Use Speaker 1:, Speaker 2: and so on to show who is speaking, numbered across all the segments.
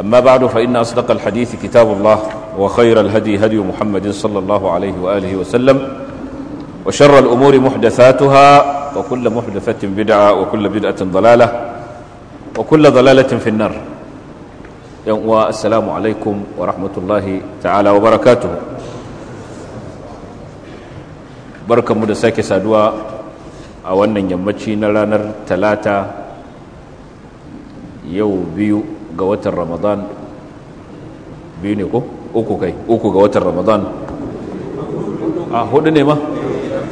Speaker 1: أما بعد فإن أصدق الحديث كتاب الله وخير الهدي هدي محمد صلى الله عليه وآله وسلم وشر الأمور محدثاتها وكل محدثة بدعة وكل بدعة ضلالة وكل ضلالة في النار والسلام عليكم ورحمة الله تعالى وبركاته بركة مدساكي سادوا أولا يمتشي نرانر ثلاثة يو بيو ga watan ramadan biyu ne ko uku kai uku ga watan ramadan a hudu ne ma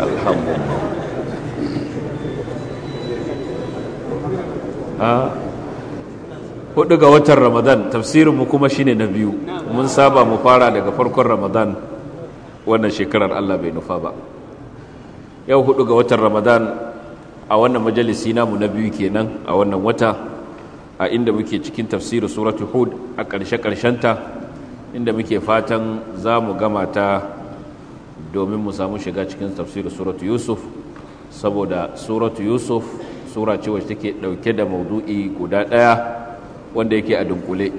Speaker 2: alhamdulillah
Speaker 1: hudu ga watan ramadan tafsirinmu kuma shine na biyu mun saba mu fara daga farkon ramadan wannan shekarar allah bai nufa ba yau hudu ga watan ramadan a wannan majalisi namu na biyu kenan a wannan wata a inda muke cikin tafsirin suratul hud a ƙarshe ta inda muke fatan za mu gama ta domin mu samu shiga cikin tafsirin suratul yusuf saboda suratul yusuf sura ce wacce take ɗauke da maudu'i guda ɗaya wanda yake a dunkule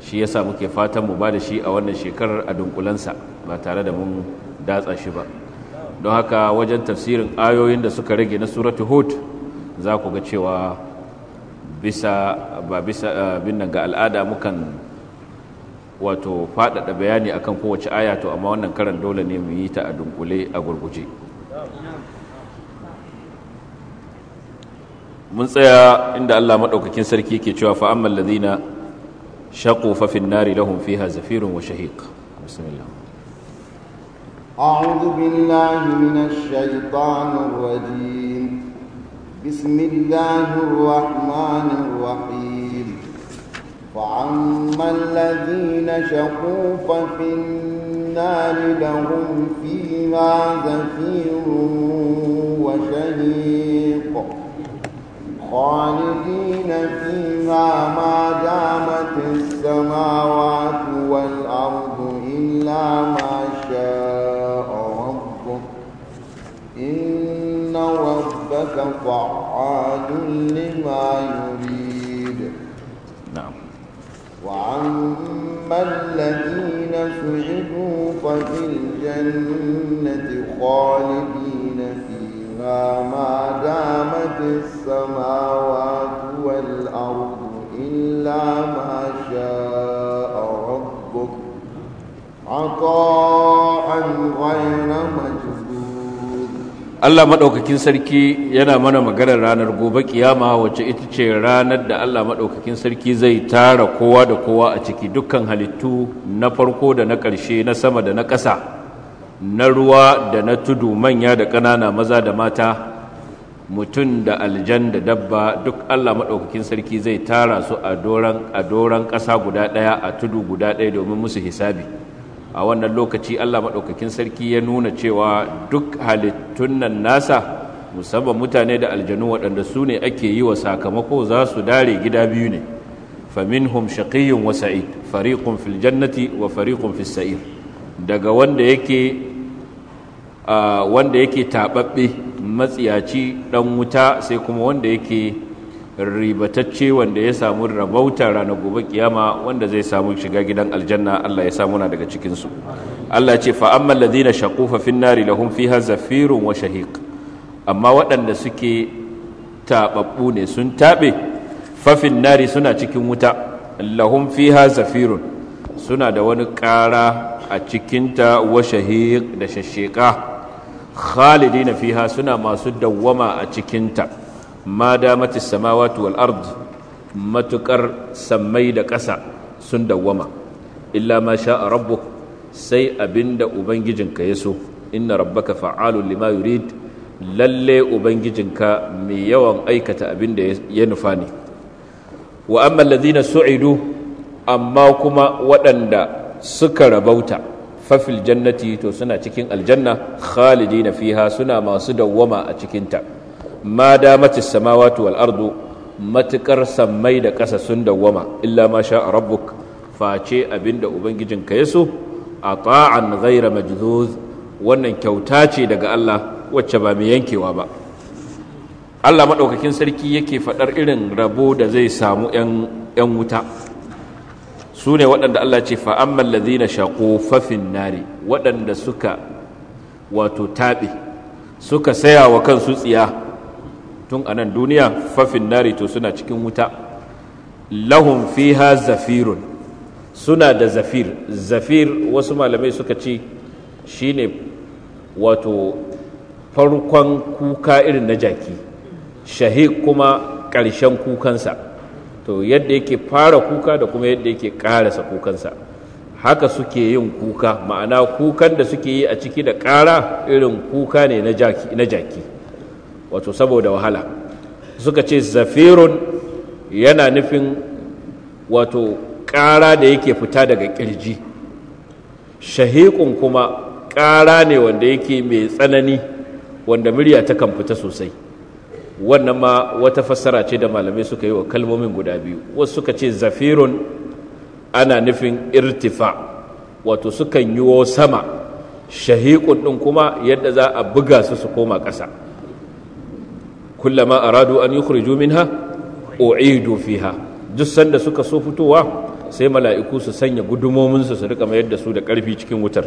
Speaker 1: shi yasa muke fatan mu ba da shi a wannan shekarar a dunkulensa ba tare da mun datsa shi ba don haka wajen tafsirin ayoyin da suka rage na suratul hud za ku ga cewa bisa ba bisa eh, bin ga al'ada mukan wato faɗaɗa bayani akan kowace aya to amma wannan karan dole ne mu yi ta a dunkule a gurguje mun tsaya inda Allah maɗaukakin sarki ke cewa fa'amman ladina shaƙo fafin nari lahun fiha zafirun wa shahiq bismillah
Speaker 2: أعوذ بالله من الشيطان الرجيم بسم الله الرحمن الرحيم وعما الذين شقوا ففي النار لهم فيها زفير وشهيق خالدين فيها ما دامت السماوات والأرض إلا ما ربك فعال لما يريد نعم وعما الذين سعدوا ففي الجنة خالدين فيها ما دامت السماوات والأرض إلا ما شاء ربك عطاء غير مجد
Speaker 1: Allah maɗaukakin sarki yana mana maganar ranar gobe kiyama wacce ita ce ranar da Allah maɗaukakin sarki zai tara kowa da kowa a ciki dukkan halittu na farko da na ƙarshe na sama da na ƙasa na ruwa da na tudu manya da ƙanana maza da mata mutum da aljan da dabba duk Allah maɗaukakin sarki zai tara su a doron ƙasa guda ɗaya a tudu guda ɗaya domin musu hisabi. a wannan lokaci Allah maɗaukakin sarki ya nuna cewa duk halittun nan nasa musamman mutane da aljanu waɗanda su ne ake yi wa sakamako za su dare gida biyu ne faminhum shaqiyyun wa sa'id fariqun fil jannati wa fariqun fis sa'ir daga wanda yake wanda yake tababbe matsiyaci dan wuta sai kuma wanda yake ribatacce wanda ya samu rabauta ranar gobe kiyama wanda zai samu shiga gidan aljanna Allah ya samu na daga cikinsu. Allah ce fa ammal ladina shaqu fa fin nari lahum zafirun wa shahiq amma waɗanda suke tababbu ne sun taɓe? Fafin nari suna cikin wuta lahum fiha zafirun suna da wani ƙara a cikinta wa shahiq da shashika khalidina fiha suna masu dawwama a cikinta ma damatis samawati wal ard matukar sammai da ƙasa sun dawwama illa ma sha a rabbuk sai abinda ubangijinka ya so inna rabbaka fa'alun lima yurid lalle ubangijinka mai yawan aikata abinda ya nufa ne wa amma allazina su'idu amma kuma waɗanda suka rabauta fafil jannati to suna cikin aljanna khalidina fiha suna masu dawwama a cikinta ma damati samawati wal ardu matukar sammai da ƙasa sun dawwama illa ma sha a rabbuk face abinda ubangijin ya so a ta'an ghaira majdud wannan kyauta ce daga Allah wacce ba mai yankewa ba Allah maɗaukakin sarki yake faɗar irin rabo da zai samu 'yan wuta su ne waɗanda Allah ce fa'amman na shaƙo fafin nari waɗanda suka wato taɓe suka saya wa kansu tsiya tun a nan duniya fafin nari to suna cikin wuta Lahunfiha fiha zafirun suna da zafir zafir wasu malamai suka ce shine wato farkon kuka irin na jaki Shahi kuma ƙarshen kukansa to yadda yake fara kuka da kuma yadda yake ƙarasa kukansa haka suke yin kuka ma'ana kukan da suke yi a ciki da ƙara irin kuka ne na jaki wato saboda wahala suka ce zafirun yana nufin wato ƙara da yake fita daga ƙirji shahiƙun kuma ƙara ne wanda yake mai tsanani wanda murya ta kan fita sosai wannan ma wata fassara ce da malamai suka yi wa kalmomin guda biyu wasu suka ce zafirun ana nufin irtifa wato sukan yi sama shahiƙun ɗin kuma yadda za a buga su su koma ƙasa kullama aradu an yukhriju minha u'idu fiha duk sanda suka so fitowa sai mala'iku su sanya gudumomin su su rika mayar da su da karfi cikin wutar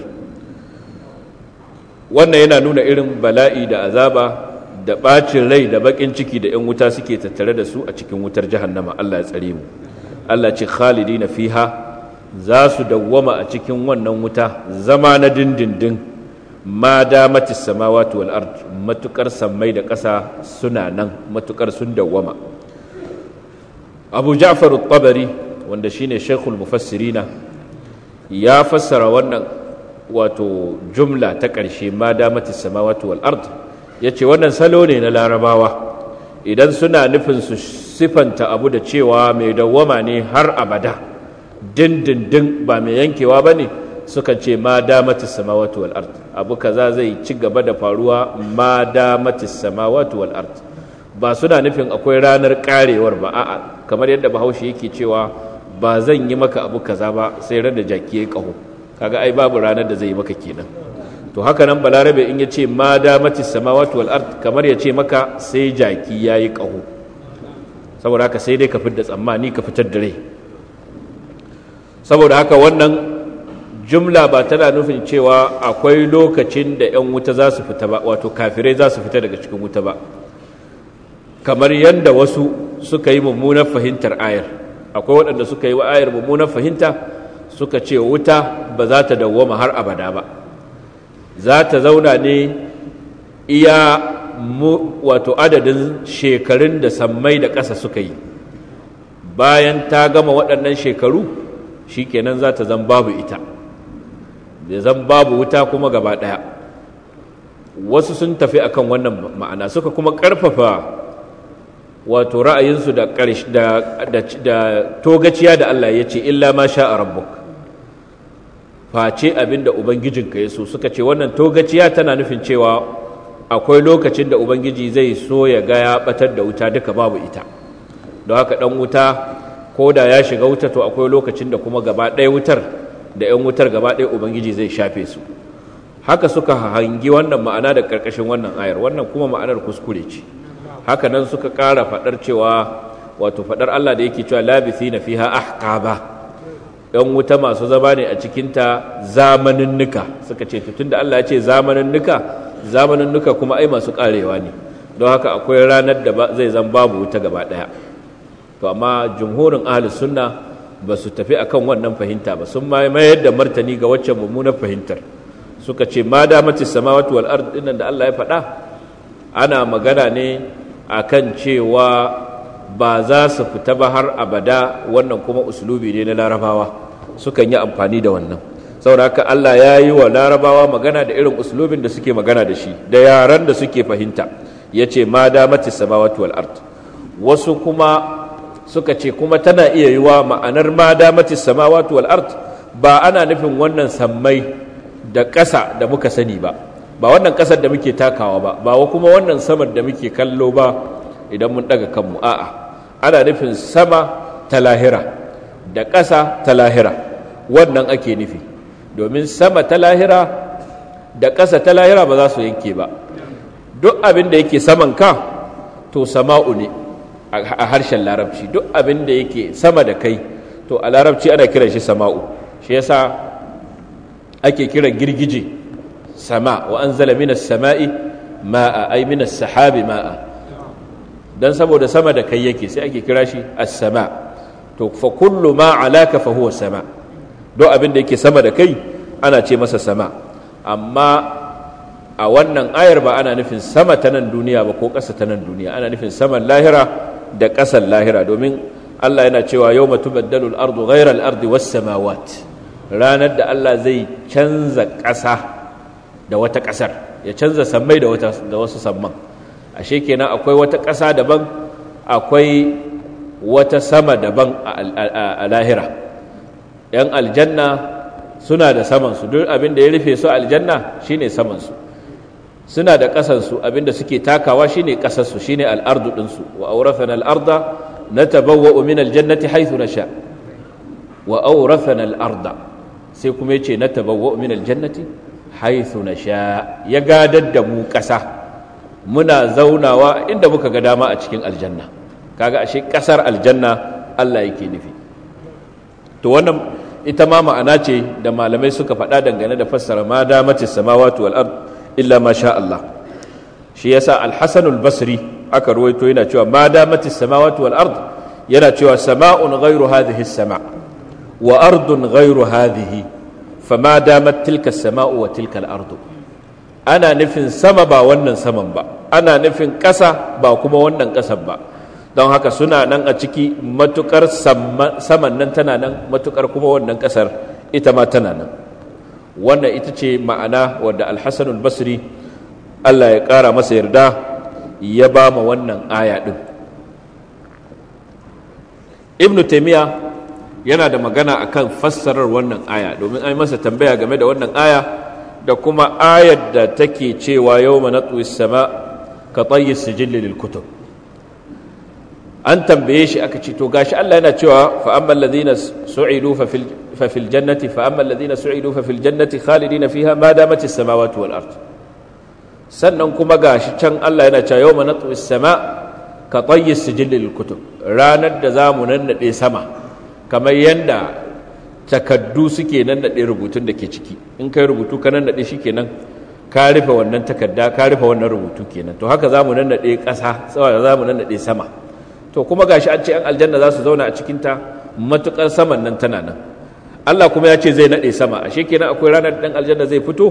Speaker 1: wannan yana nuna irin bala'i da azaba da ɓacin rai da baƙin ciki da yan wuta suke tattare da su a cikin wutar jahannama Allah ya tsare mu Allah ce khalidina fiha za su dawwama a cikin wannan wuta zama na dindindin ma damati samawati wal ard matukar sammai da ƙasa suna nan matukar sun dawwama abu ja'far tabari wanda shine shaykhul mufassirina ya fassara wannan wato jumla ta ƙarshe ma damati samawati wal ard yace wannan salo ne na larabawa idan suna nufin su sifanta abu da cewa mai dawwama ne har abada dindindin ba mai yankewa bane suka ce ma damatis samawati wal ard abu kaza zai ci gaba da faruwa ma damatis samawati wal ard ba suna nufin akwai ranar karewar ba a'a kamar yadda bahaushe yake cewa ba zan yi maka abu kaza ba sai ran da jaki ya kaho kaga ai babu ranar da zai yi maka kenan to haka nan balarabe in ya ce ma damatis samawati wal ard kamar ya ce maka sai jaki ya yi kaho saboda haka sai dai ka fitar da tsammani ka fitar da rai saboda haka wannan jumla ba tana nufin cewa akwai lokacin da 'yan wuta za su fita ba wato kafirai za su fita daga cikin wuta ba kamar yadda wasu suka yi mummunan fahimtar ayar akwai waɗanda suka yi wa ayar mummunan fahimta suka ce wuta ba za ta dawwama har abada ba za ta zauna ne iya wato adadin shekarun da sammai da ƙasa suka yi bayan ta gama waɗannan shekaru shikenan za ta zan babu ita da zan babu wuta kuma gaba ɗaya wasu sun tafi akan wannan ma'ana suka kuma ƙarfafa wato ra'ayinsu da togaciya da Allah ya ce illa ma sha a rabbuk face abin da ubangijinka ya so suka ce wannan togaciya tana nufin cewa akwai lokacin da ubangiji zai so ya ga batar da wuta duka babu ita don haka ɗan wuta ko da ya shiga wuta to akwai lokacin da kuma gaba ɗaya wutar da 'yan wutar gaba ɗaya ubangiji zai shafe su haka suka hangi wannan ma'ana da ƙarƙashin wannan ayar wannan kuma ma'anar kuskure ce haka nan suka ƙara faɗar cewa wato faɗar allah da yake cewa labisi na fiha ahqaba yan wuta masu zama ne a cikinta zamaninnuka suka ce tutun da allah ya ce zamaninnika zamaninnuka kuma ai masu ƙarewa ne don haka akwai ranar da zai zan babu wuta gaba ɗaya to amma jumhurin ahlus sunna ba su tafi akan wannan fahimta ba sun mayar da martani ga waccan mummunar fahimtar suka ce ma damati samawati wal ard dinnan da Allah ya faɗa ana magana ne akan cewa ba za su fita ba har abada wannan kuma usulubi ne na larabawa sukan yi amfani da wannan saboda haka Allah ya yi wa larabawa magana da irin usulubin da suke magana da shi da yaran da suke fahimta ya ce ma mace samawati wal ard wasu kuma suka ce kuma tana iya yiwa ma'anar ma damati samawati wal ard ba ana nufin wannan sammai da ƙasa da muka sani ba ba wannan ƙasar da muke takawa ba ba kuma wannan samar da muke kallo ba idan mun daga kanmu a'a ana nufin sama ta lahira da ƙasa ta lahira wannan ake nufi domin sama ta lahira da ƙasa ta lahira ba za su yanke ba duk abin da yake saman ka to sama'u ne a harshen larabci duk abin da yake sama da kai to a larabci ana kiran shi sama'u shi yasa ake kiran girgije sama wa zala minas sama'i ma'a ay minas sahabi ma'a dan saboda sama da kai yake sai ake kira shi as-sama to fa kullu ma alaka fa huwa sama duk abin da yake sama da kai ana ce masa sama amma a wannan ayar ba ana nufin sama ta nan duniya ba ko ƙasa ta nan duniya ana nufin saman lahira da ƙasar lahira domin Allah yana cewa yau matu baddalul ardu ghairal ardi was samawat ranar da Allah zai canza ƙasa da wata ƙasar ya canza sammai da wasu samman ashe kenan akwai wata ƙasa daban akwai wata sama daban a lahira yan aljanna suna da samansu duk abin da ya rufe su aljanna shine samansu suna da ƙasansu abinda suke takawa shine ƙasarsu shine al'ardu ɗinsu wa aurafana al'arda na tabawwa min aljannati haythu nasha wa aurafana al'arda sai kuma yace na tabawwa min aljannati na sha ya gadar da mu ƙasa muna zaunawa inda muka ga dama a cikin aljanna kaga ashe ƙasar aljanna Allah yake nufi to wannan ita ma ma'ana ce da malamai suka faɗa dangane da fassara ma damatis samawati wal ard illa ma sha Allah shi yasa al-Hasan al-Basri aka ruwaito yana cewa ma damatis samawati wal ard yana cewa sama'un ghayru hadhihi as-sama' wa ardun ghayru hadhihi fama damat tilka as-sama'u wa tilka al ana nufin sama ba wannan saman ba ana nufin ƙasa ba kuma wannan ƙasar ba don haka suna nan a ciki matukar saman nan tana nan matukar kuma wannan ƙasar ita ma tana nan wannan ita ce ma'ana wadda Alhassanul basri allah ya ƙara masa yarda ya ba ma wannan aya ɗin ibn taimiyya yana da magana akan fassarar wannan aya domin an masa tambaya game da wannan aya da kuma ayar da take cewa yau manatsu sama ka tsayi sijilli kutub an tambaye shi aka ce to gashi Allah yana cewa fa amma ladina su'idu fa fil jannati fa amma ladina su'idu fa fil jannati khalidina fiha ma damat as-samawati wal ard sannan kuma gashi can Allah yana cewa yawma natwi as-sama ka tayyi sijil lil kutub ranar da zamu nannade sama kamar yanda takaddu suke nannade rubutun da ke ciki in kai rubutu ka nannade kenan ka rufe wannan takarda ka rufe wannan rubutu kenan to haka zamu nannade ƙasa tsawa zamu nannade sama to kuma gashi an ce an aljanna za su zauna a cikinta matukar saman nan tana nan Allah kuma ya ce zai naɗe sama ashe kenan akwai ranar ɗan aljanna zai fito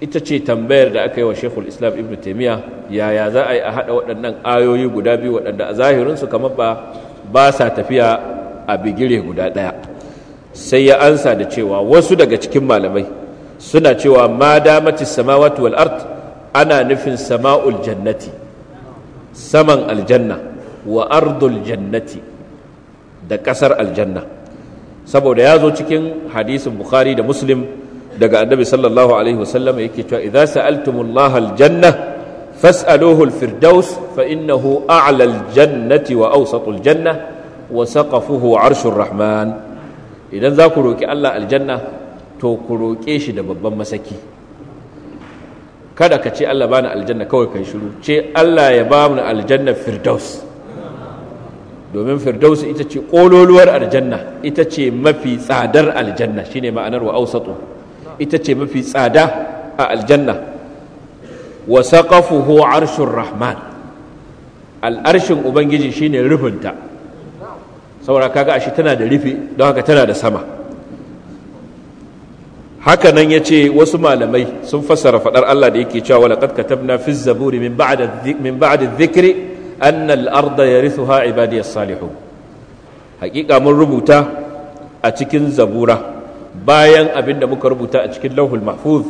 Speaker 1: ita ce tambayar da aka yi wa shekul islam ibn taimiyya yaya za a yi a haɗa waɗannan ayoyi guda biyu waɗanda a zahirinsu kamar ba ba sa tafiya a bigire guda ɗaya sai ya ansa da cewa wasu daga cikin malamai suna cewa ma damatis samawati wal ard ana nufin sama'ul jannati saman aljanna wa ardul jannati da ƙasar aljanna saboda ya zo cikin hadisin bukhari da muslim daga annabi sallallahu alaihi wasallam yake cewa idza sa'altumullaha aljanna fas'aluhu alfirdaus fa innahu a'la aljannati wa awsatu aljanna wa saqafuhu arshur rahman idan za ku roki Allah aljanna to ku roke shi da babban masaki kada ka ce Allah bani aljanna kawai kai shiru ce Allah ya bamu aljanna firdaus domin firdausi ita ce ƙololuwar aljanna ita ce mafi tsadar aljanna shine ma'anar wa ausatu ita ce mafi tsada a aljanna wa saqafuhu arshur rahman al'arshin ubangiji shine rufinta saboda kaga ashe tana da rufi don haka tana da sama haka nan ya ce wasu malamai sun fassara faɗar Allah da yake cewa walaƙad katabna fi zaburi min ba'da dhikri annal arda yarithuha ibadiyas salihun hakika mun rubuta a cikin zabura bayan abin da muka rubuta a cikin lauhul mahfuz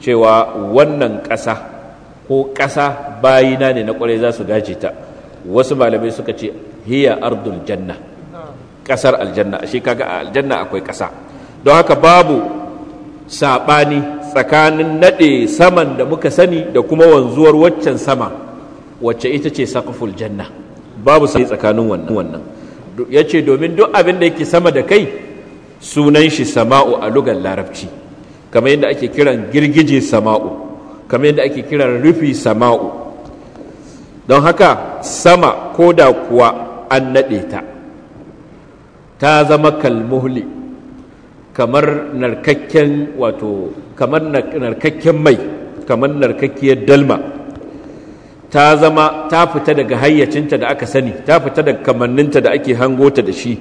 Speaker 1: cewa wannan ƙasa ko ƙasa bayina ne na ƙwarai za su gaje ta wasu malamai suka ce hiya ardul janna ƙasar aljanna shi kaga a aljanna akwai ƙasa don haka babu saɓani tsakanin naɗe saman da muka sani da kuma wanzuwar waccan sama wacce ita ce saqful janna babu sai tsakanin wannan yace domin duk abin da yake sama da kai sunan shi sama'u a lugar larabci kamar yadda ake kiran girgije sama'u kamar yadda ake kiran rufi sama'u don haka sama ko da kuwa an naɗe ta ta zama kalmuhli kamar narkakken wato kamar narkakken mai kamar narkakkiyar dalma ta zama ta fita daga hayyacinta da aka sani ta fita daga kamanninta da ake hango ta da shi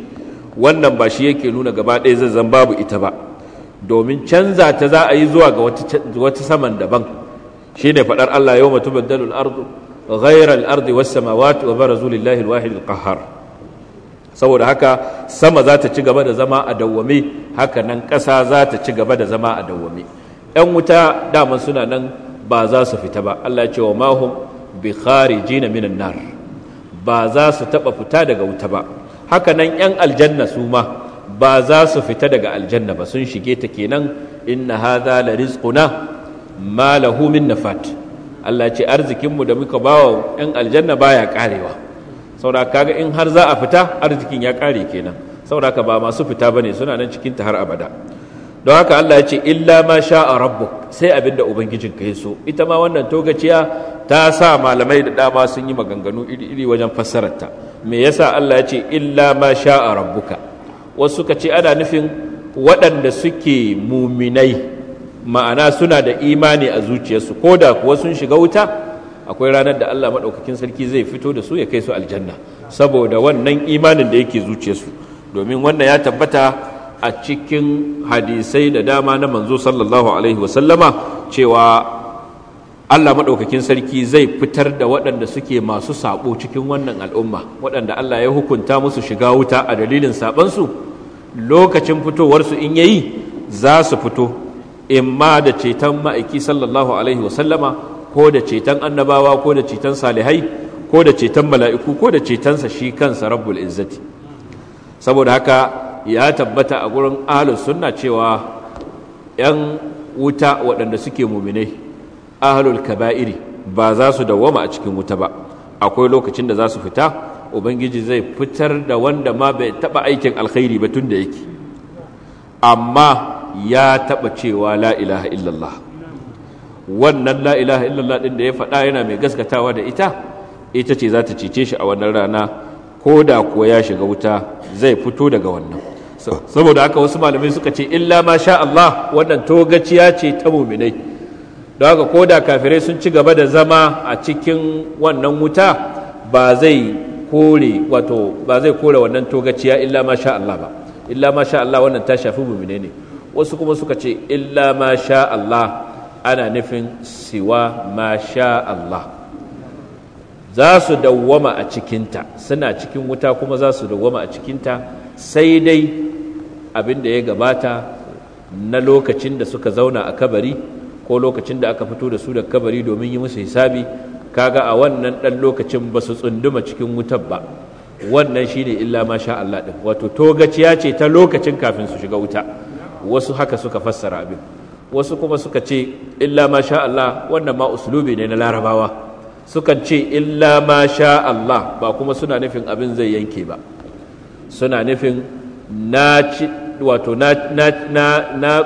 Speaker 1: wannan ba shi yake nuna gaba ɗaya zan babu ita ba domin canza ta za a yi zuwa ga wata saman daban shi ne faɗar Allah yau mutu baddalul ardu ghairal ardi wasu samawati wa barazu lillahi alwahid alqahhar saboda haka sama za ta ci gaba da zama a dawwame haka nan ƙasa za ta ci gaba da zama a dawwame yan wuta daman suna nan ba za su fita ba Allah ya ce wa mahum bi jina minan nar ba za su taba fita daga wuta ba haka nan yan aljanna su ma ba za su fita daga aljanna ba sun shige ta kenan inna hadha la rizquna ma lahu min nafat Allah ce arzikinmu da muka bawa yan aljanna baya karewa saboda kaga in har za a fita arzikin ya kare kenan saboda ba masu fita bane suna nan cikin ta har abada don haka Allah ya ce illa ma sha'a rabbu sai abinda ubangijinka ya so ita ma wannan togaciya ta sa malamai da dama sun yi maganganu iri-iri wajen fassararta me yasa Allah ya ce illa ma sha'a rabbuka wasu suka ce ana nufin waɗanda suke muminai ma'ana suna da imani a zuciyarsu ko da kuwa sun shiga wuta akwai ranar da Allah maɗaukakin sarki zai fito da su ya kai su aljanna saboda wannan imanin da yake zuciyarsu domin wannan ya tabbata a cikin hadisai da dama na manzo sallallahu alaihi wasallama cewa Allah maɗaukakin sarki zai fitar da waɗanda suke masu saɓo cikin wannan al'umma waɗanda Allah ya hukunta musu shiga wuta a dalilin saɓansu lokacin fitowarsu in yayi za su fito in ma da ceton ma'aiki sallallahu alaihi wasallama ko da ceton annabawa ko da ceton salihai ko da ceton mala'iku ko da cetonsa shi kansa rabbul izzati saboda haka ya tabbata a gurin ahlus sunna cewa yan wuta waɗanda suke muminai ahlul kaba'iri ba za su dawwama a cikin wuta ba akwai lokacin da za su fita ubangiji zai fitar da wanda ma bai taba aikin alkhairi ba tun da yake amma ya taba cewa la illallah wannan la illallah ɗin da ya faɗa yana mai gaskatawa da ita ita ce za ta cece shi a wannan rana ko da kuwa ya shiga wuta zai fito daga wannan saboda haka wasu malamai suka ce illa ma sha Allah wannan togaciya ce ta muminai don haka ko da kafirai sun ci gaba da zama a cikin wannan wuta ba zai kore wato ba zai kore wannan togaciya illa ma sha Allah ba illa ma sha Allah wannan ta shafi muminai ne wasu kuma suka ce illa ma sha Allah ana nufin siwa ma sha Allah za su dawwama a cikinta suna cikin wuta kuma za su dawwama a cikinta sai dai abin da ya gabata na lokacin da suka zauna a kabari ko lokacin da aka fito da su da kabari domin yi musu hisabi kaga a wannan ɗan lokacin ba su tsunduma cikin wutar ba wannan shi ne illa ma Allah ɗin wato togaciya ce ta lokacin kafin su shiga wuta wasu haka suka fassara abin wasu kuma suka ce illa ma Allah wannan ma usulubi ne na larabawa sukan ce illa ma Allah ba kuma suna nufin abin zai yanke ba suna nufin na wato na na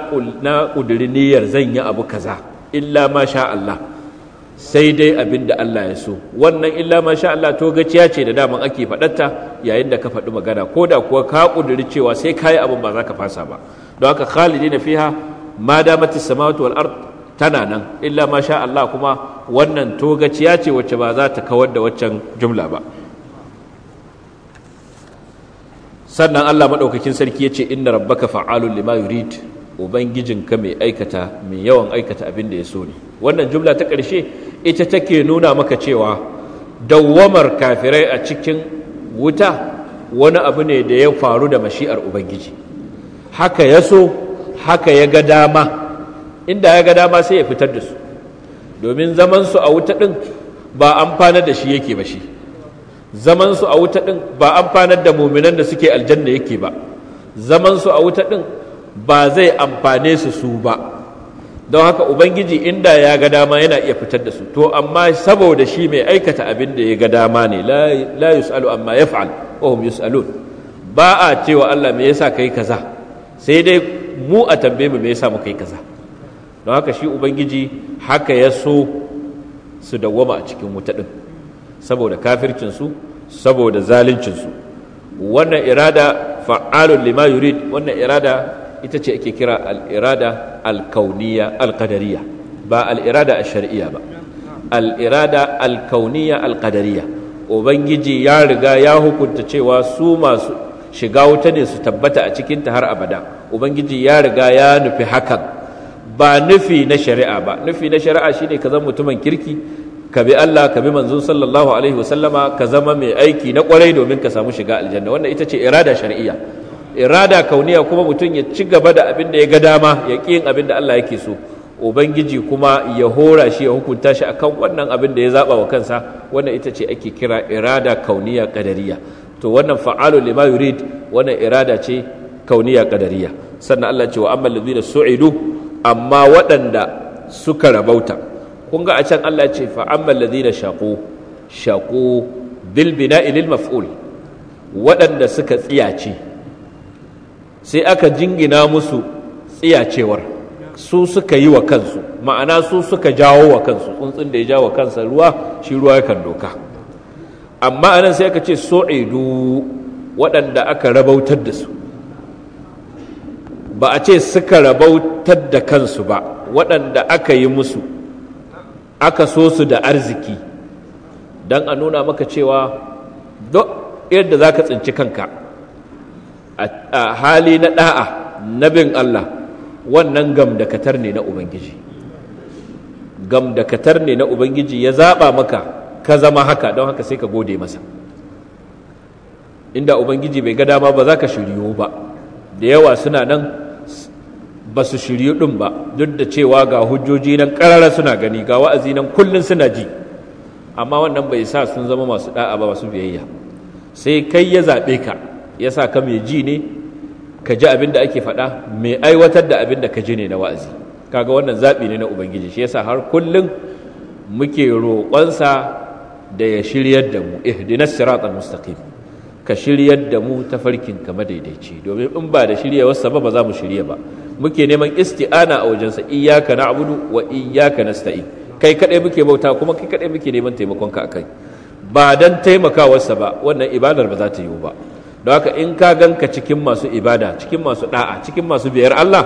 Speaker 1: ƙudiri niyyar zan yi abu kaza illa ma sha Allah sai dai abin da Allah ya so wannan illa ma sha Allah to gaciya ce da daman ake faɗarta yayin da ka faɗi magana ko da kuwa ka ƙudiri cewa sai ka yi abin ba za ka fasa ba don haka khalidi na fiha ma damatis samawati wal ard tana nan illa ma sha Allah kuma wannan to gaciya ce wacce ba za ta kawar da waccan jumla ba sannan Allah maɗaukakin sarki ya ce inna rabbaka fa'alun lima yurid ubangijinka mai aikata mai yawan aikata abin da ya so ne wannan jumla ta ƙarshe ita take nuna maka cewa dawwamar kafirai a cikin wuta wani abu ne da ya faru da mashi'ar ubangiji haka ya so haka ya ga dama inda ya ga dama sai ya fitar da su domin zamansu a wuta ɗin ba amfana da shi yake ba shi zaman su a wuta din ba amfanar da muminan da suke aljanna yake ba zaman su a wuta din ba zai amfane su su ba don haka ubangiji inda ya ga dama yana iya fitar da su to amma saboda shi mai aikata abin da ya ga dama ne la yus'alu amma yaf'al wa hum yus'alun ba a cewa Allah me yasa kai kaza sai dai mu a tambaye mu me yasa mu kai kaza don haka shi ubangiji haka ya so su dawwama a cikin wuta din saboda kafircinsu saboda zaluncinsu wannan irada fa'alun lima yurid wannan irada ita ce ake kira al'irada alkauniya alkadariya ba al'irada a shari'iya ba al'irada alkauniya alkadariya ubangiji ya riga ya hukunta cewa su masu shiga wuta ne su tabbata a cikinta har abada ubangiji ya riga ya nufi hakan ba nufi na shari'a ba nufi na shari'a shine ka zama mutumin kirki ka bi Allah ka bi manzon sallallahu alaihi wasallama ka zama mai aiki na kwarai domin ka samu shiga aljanna wannan ita ce irada shar'iyya irada kauniya kuma mutum ya ci gaba da abin da ya ga dama ya ƙi yin abin da Allah yake so ubangiji kuma ya hora shi ya hukunta shi akan wannan abin da ya zaba wa kansa wannan ita ce ake kira irada kauniya qadariya to wannan fa'alu lima yurid wannan irada ce kauniya qadariya sannan Allah ce wa amma alladhina su'idu amma waɗanda suka rabauta kun ga a can Allah ce fa ammal ladina shaqu shaqu bil bina'i lil maf'ul waɗanda suka tsiyace sai aka jingina musu tsiyacewar su suka yi wa kansu ma'ana su suka jawo wa kansu tsuntsun da ya jawo kansa ruwa shi ruwa yakan doka amma anan sai aka ce su'idu waɗanda aka rabautar da su ba a ce suka rabautar da kansu ba waɗanda aka yi musu aka so su da arziki don a nuna maka cewa duk yadda za ka tsinci kanka a hali na ɗa'a na bin Allah wannan gam katar ne na Ubangiji Gam gamdakatar ne na Ubangiji ya zaɓa maka ka zama haka don haka sai ka gode masa inda Ubangiji bai ga dama ba za ka shiryu ba da yawa suna nan ba su shiryu ɗin ba duk da cewa ga hujjoji nan ƙarara suna gani ga wa'azi nan kullum suna ji amma wannan bai sa sun zama masu ɗa'a ba masu biyayya sai kai ya zaɓe ka ya sa ka mai ji ne ka ji abin da ake faɗa mai aiwatar da abin da ka ji ne na wa'azi kaga wannan zaɓi ne na ubangiji shi yasa har kullum muke roƙonsa da ya shiryar da mu ihdinas siratal mustaqim ka shiryar da mu tafarkin ka madaidaici domin in ba da shiryawarsa ba ba za mu shirya ba muke neman isti'ana a wajensa iyyaka na'budu wa iyyaka nasta'in kai kadai muke bauta kuma kai kadai muke neman taimakon ka akai ba dan taimakawarsa ba wannan ibadar ba za ta yiwu ba don haka in ka ganka cikin masu ibada cikin masu da'a cikin masu biyar Allah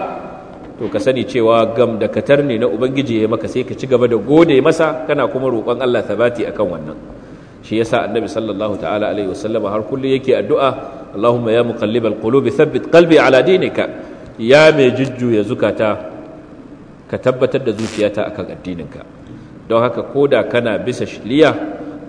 Speaker 1: to ka sani cewa gam da katar ne na ubangiji ya maka sai ka ci gaba da gode masa kana kuma roƙon Allah tabati akan wannan shi yasa annabi sallallahu ta'ala alaihi wasallama har kullu yake addu'a Allahumma ya muqallibal qulubi thabbit qalbi ala dinika ya mai jujjuya zukata ka tabbatar da zuciyata akan addininka don haka ko da kana bisa shiriya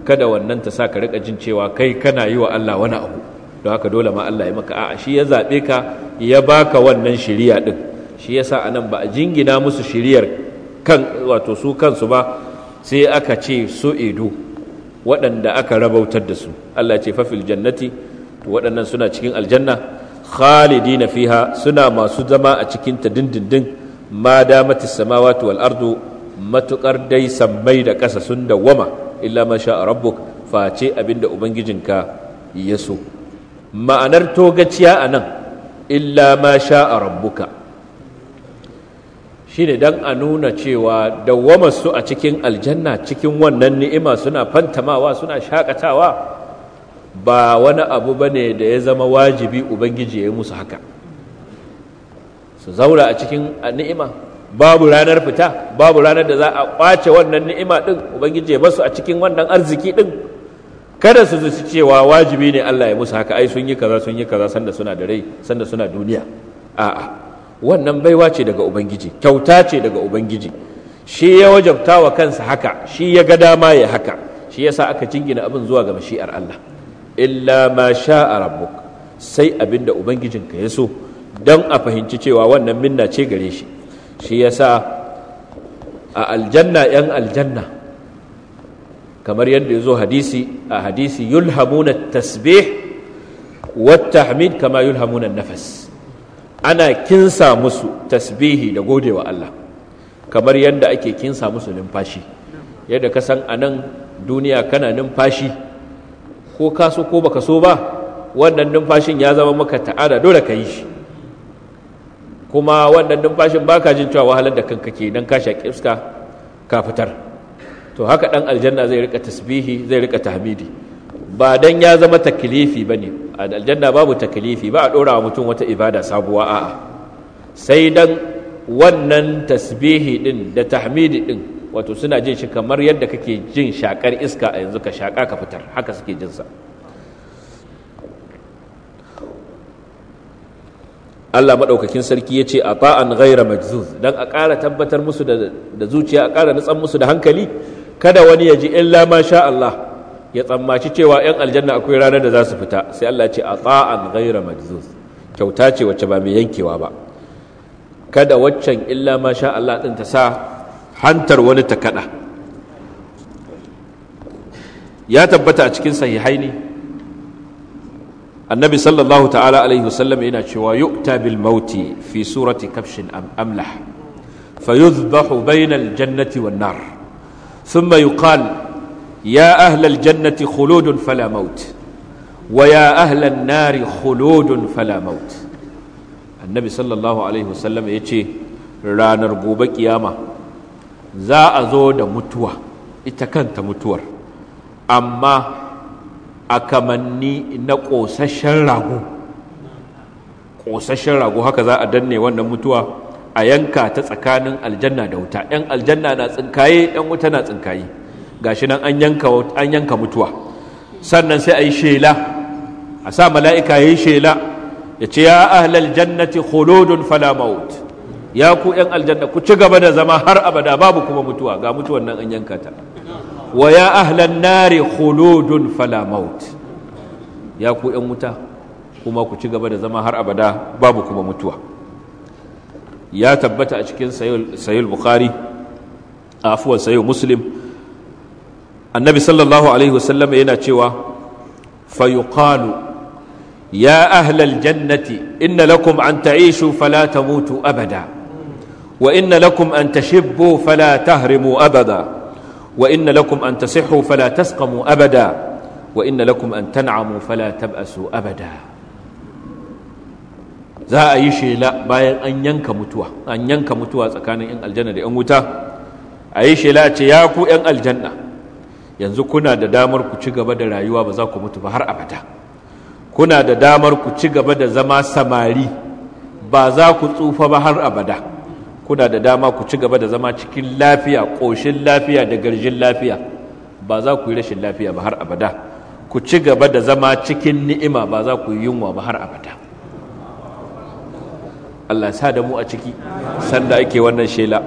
Speaker 1: kada wannan ta sa ka rika jin cewa kai kana yi wa Allah wani abu don haka dole ma Allah ya maka a'a shi ya zabe ka ya baka wannan shiriya din shi yasa anan ba a jingina musu shiriyar kan wato su kansu ba sai aka ce su ido waɗanda aka rabautar da su Allah ce fafil jannati to waɗannan suna cikin aljanna na fiha suna masu zama a cikin ta dindindin ma damati samawati wal ardu matukar dai sammai da ƙasa sun dawwama illa ma sha rabbuk face abinda ubangijinka ka so ma'anar togaciya anan illa ma sha rabbuka shine dan a nuna cewa dawwamar su a cikin aljanna cikin wannan ni'ima suna fantamawa suna shakatawa ba wani abu ba ne da ya zama wajibi ubangiji ya yi musu haka su zaura a cikin ni'ima babu ranar fita babu ranar da za a kwace wannan ni'ima din ubangiji ya basu a cikin wannan arziki din kada su zuci cewa wajibi ne Allah ya musu haka ai sun yi kaza sun yi kaza sanda suna da rai sanda suna duniya a'a wannan baiwa ce daga ubangiji kyauta ce daga ubangiji shi ya wajabta wa kansa haka shi ya ga dama ya haka shi yasa aka jingina abin zuwa ga mashi'ar Allah illa ma sha a rabbuk sai abinda ubangijinka ya so don a fahimci cewa wannan minna ce gare shi shi ya sa a aljanna yan aljanna kamar yadda ya zo hadisi a hadisi yulhamuna tasbih wata hamid kama yulhamuna nafas ana kinsa musu tasbihi da godewa Allah kamar yadda ake kinsa musu numfashi yadda ka san anan duniya kana numfashi ko ka so ko baka so ba wannan numfashin ya zama maka ta'ada dole ka yi shi kuma wannan numfashin baka jin cewa wahalar da kanka ke dan ka shaƙi iska ka fitar to haka dan aljanna zai rika tasbihi zai rika tahmidi ba dan ya zama taklifi bane a aljanna babu taklifi ba a dora mutum wata ibada sabuwa a'a sai dan wannan tasbihi din da tahmidi din wato suna jin shi kamar yadda kake jin shakar iska a yanzu ka shaka ka fitar haka suke jinsa Allah maɗaukakin sarki ya ce a ta'an ghaira majzuz don a ƙara tabbatar musu da zuciya a ƙara nutsan musu da hankali kada wani ya ji illa ma sha Allah ya tsammaci cewa 'yan aljanna akwai ranar da za su fita sai Allah ce a ta'an ghaira majzuz kyauta ce wacce ba mai yankewa ba kada waccan illa ma sha Allah ɗin ta sa hantar wani ta kada ya tabbata a cikin sahihaini annabi sallallahu ta'ala alaihi wasallam yana cewa yu'ta bil mauti fi surati kafshin amlah fayuzbahu bayna bainal jannati wan nar thumma yuqal ya ahlal jannati khuludun fala maut ahlan Nari النار خلود فلا موت النبي صلى الله عليه وسلم يتي ranar gobe قيامة za a zo da mutuwa ita kanta mutuwar amma a kamanni na ƙosashen rago ƙosashen rago haka za a danne wannan mutuwa a yanka ta tsakanin aljanna da wuta ‘yan aljanna na tsinkaye ‘yan wuta na tsinkaye gashi nan an yanka mutuwa sannan sai a yi shela a sa mala'ika ya yi shela ya ce ya ahlal jannati khuludun Falamaut.' ya ku yan aljanna ku ci gaba da zama har abada babu kuma mutuwa ga mutuwan nan an yanka ta wa ya ahlan nari khuludun fala maut ya ku yan wuta kuma ku ci gaba da zama har abada babu kuma mutuwa ya tabbata a cikin sayul bukhari afuwan sayul muslim annabi sallallahu alaihi wasallam yana cewa fayuqalu ya ahlal jannati inna lakum an ta'ishu fala tamutu abada wa inna lakum an tashibbu fala tahrimu abada wa inna lakum an tasihhu fala tasqamu abada wa inna lakum an tan'amu fala tab'asu abada za a yi shela bayan an yanka mutuwa an yanka mutuwa tsakanin 'yan aljanna da 'yan wuta a yi shela ce ya ku 'yan aljanna yanzu kuna da damar ku ci gaba da rayuwa ba za ku mutu ba har abada kuna da damar ku ci gaba da zama samari ba za ku tsufa ba har abada kuna da dama ku ci gaba da zama cikin lafiya ƙoshin lafiya da garjin lafiya ba za ku yi rashin lafiya ba har abada ku ci gaba da zama cikin ni'ima ba za ku yi yunwa ba har abada Allah sa da mu a ciki sanda ake wannan shela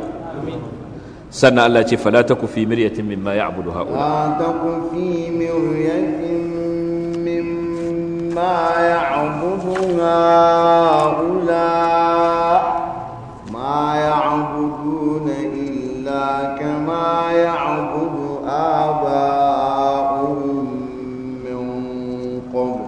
Speaker 1: sannan Allah ce fala ku fi miryatin mimma ya'budu haula
Speaker 2: la taku fi miryatin ما يعبد آباؤهم من قبل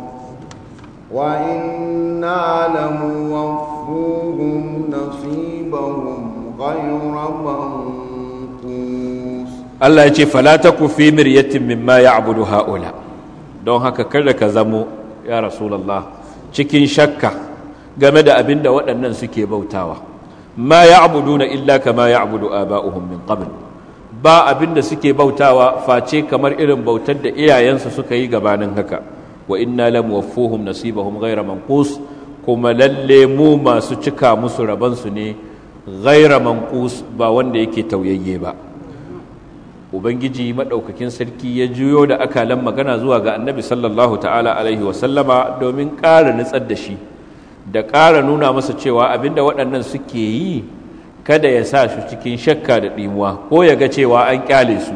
Speaker 2: وإنا لموفوهم نصيبهم غير منقوص الله يجي فلا تكن في مرية
Speaker 1: مما يعبد هؤلاء don haka kada ka zamo ya rasulallah cikin shakka game da abin da waɗannan suke bautawa ma ya abudu na illa kama ya abudu aba'uhum min qabl ba abin da suke bautawa face kamar irin bautar da iyayensu suka yi gabanin haka wa inna lam waffuhum nasibahum ghayra manqus kuma lalle mu masu cika musu raban su ne ghayra manqus ba wanda yake tauyayye ba ubangiji madaukakin sarki ya juyo da akalan magana zuwa ga annabi sallallahu ta'ala alaihi wa sallama domin ƙara nutsar da shi da ƙara nuna masa cewa abinda waɗannan suke yi kada ya sa su cikin shakka da ɗimuwa ko ya ga cewa an ƙyale su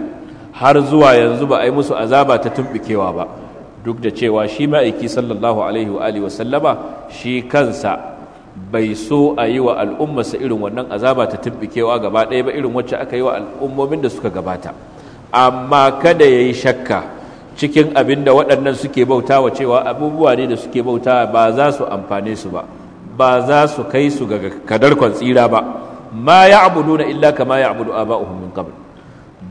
Speaker 1: har zuwa yanzu ba a yi musu azaba ta tumɓikewa ba duk da cewa shi ma'aiki sallallahu alaihi wa sallama shi kansa bai so a yi wa al'ummarsa irin wannan azaba ta tumɓikewa gaba ɗaya ba irin wacce aka yi wa al'ummomin da suka gabata amma kada ya yi shakka cikin abin da waɗannan suke bauta wa cewa abubuwa ne da suke bauta ba za su amfane su ba ba za su kai su ga kadarkon tsira ba ma na illa kama a ba'uhun min qabl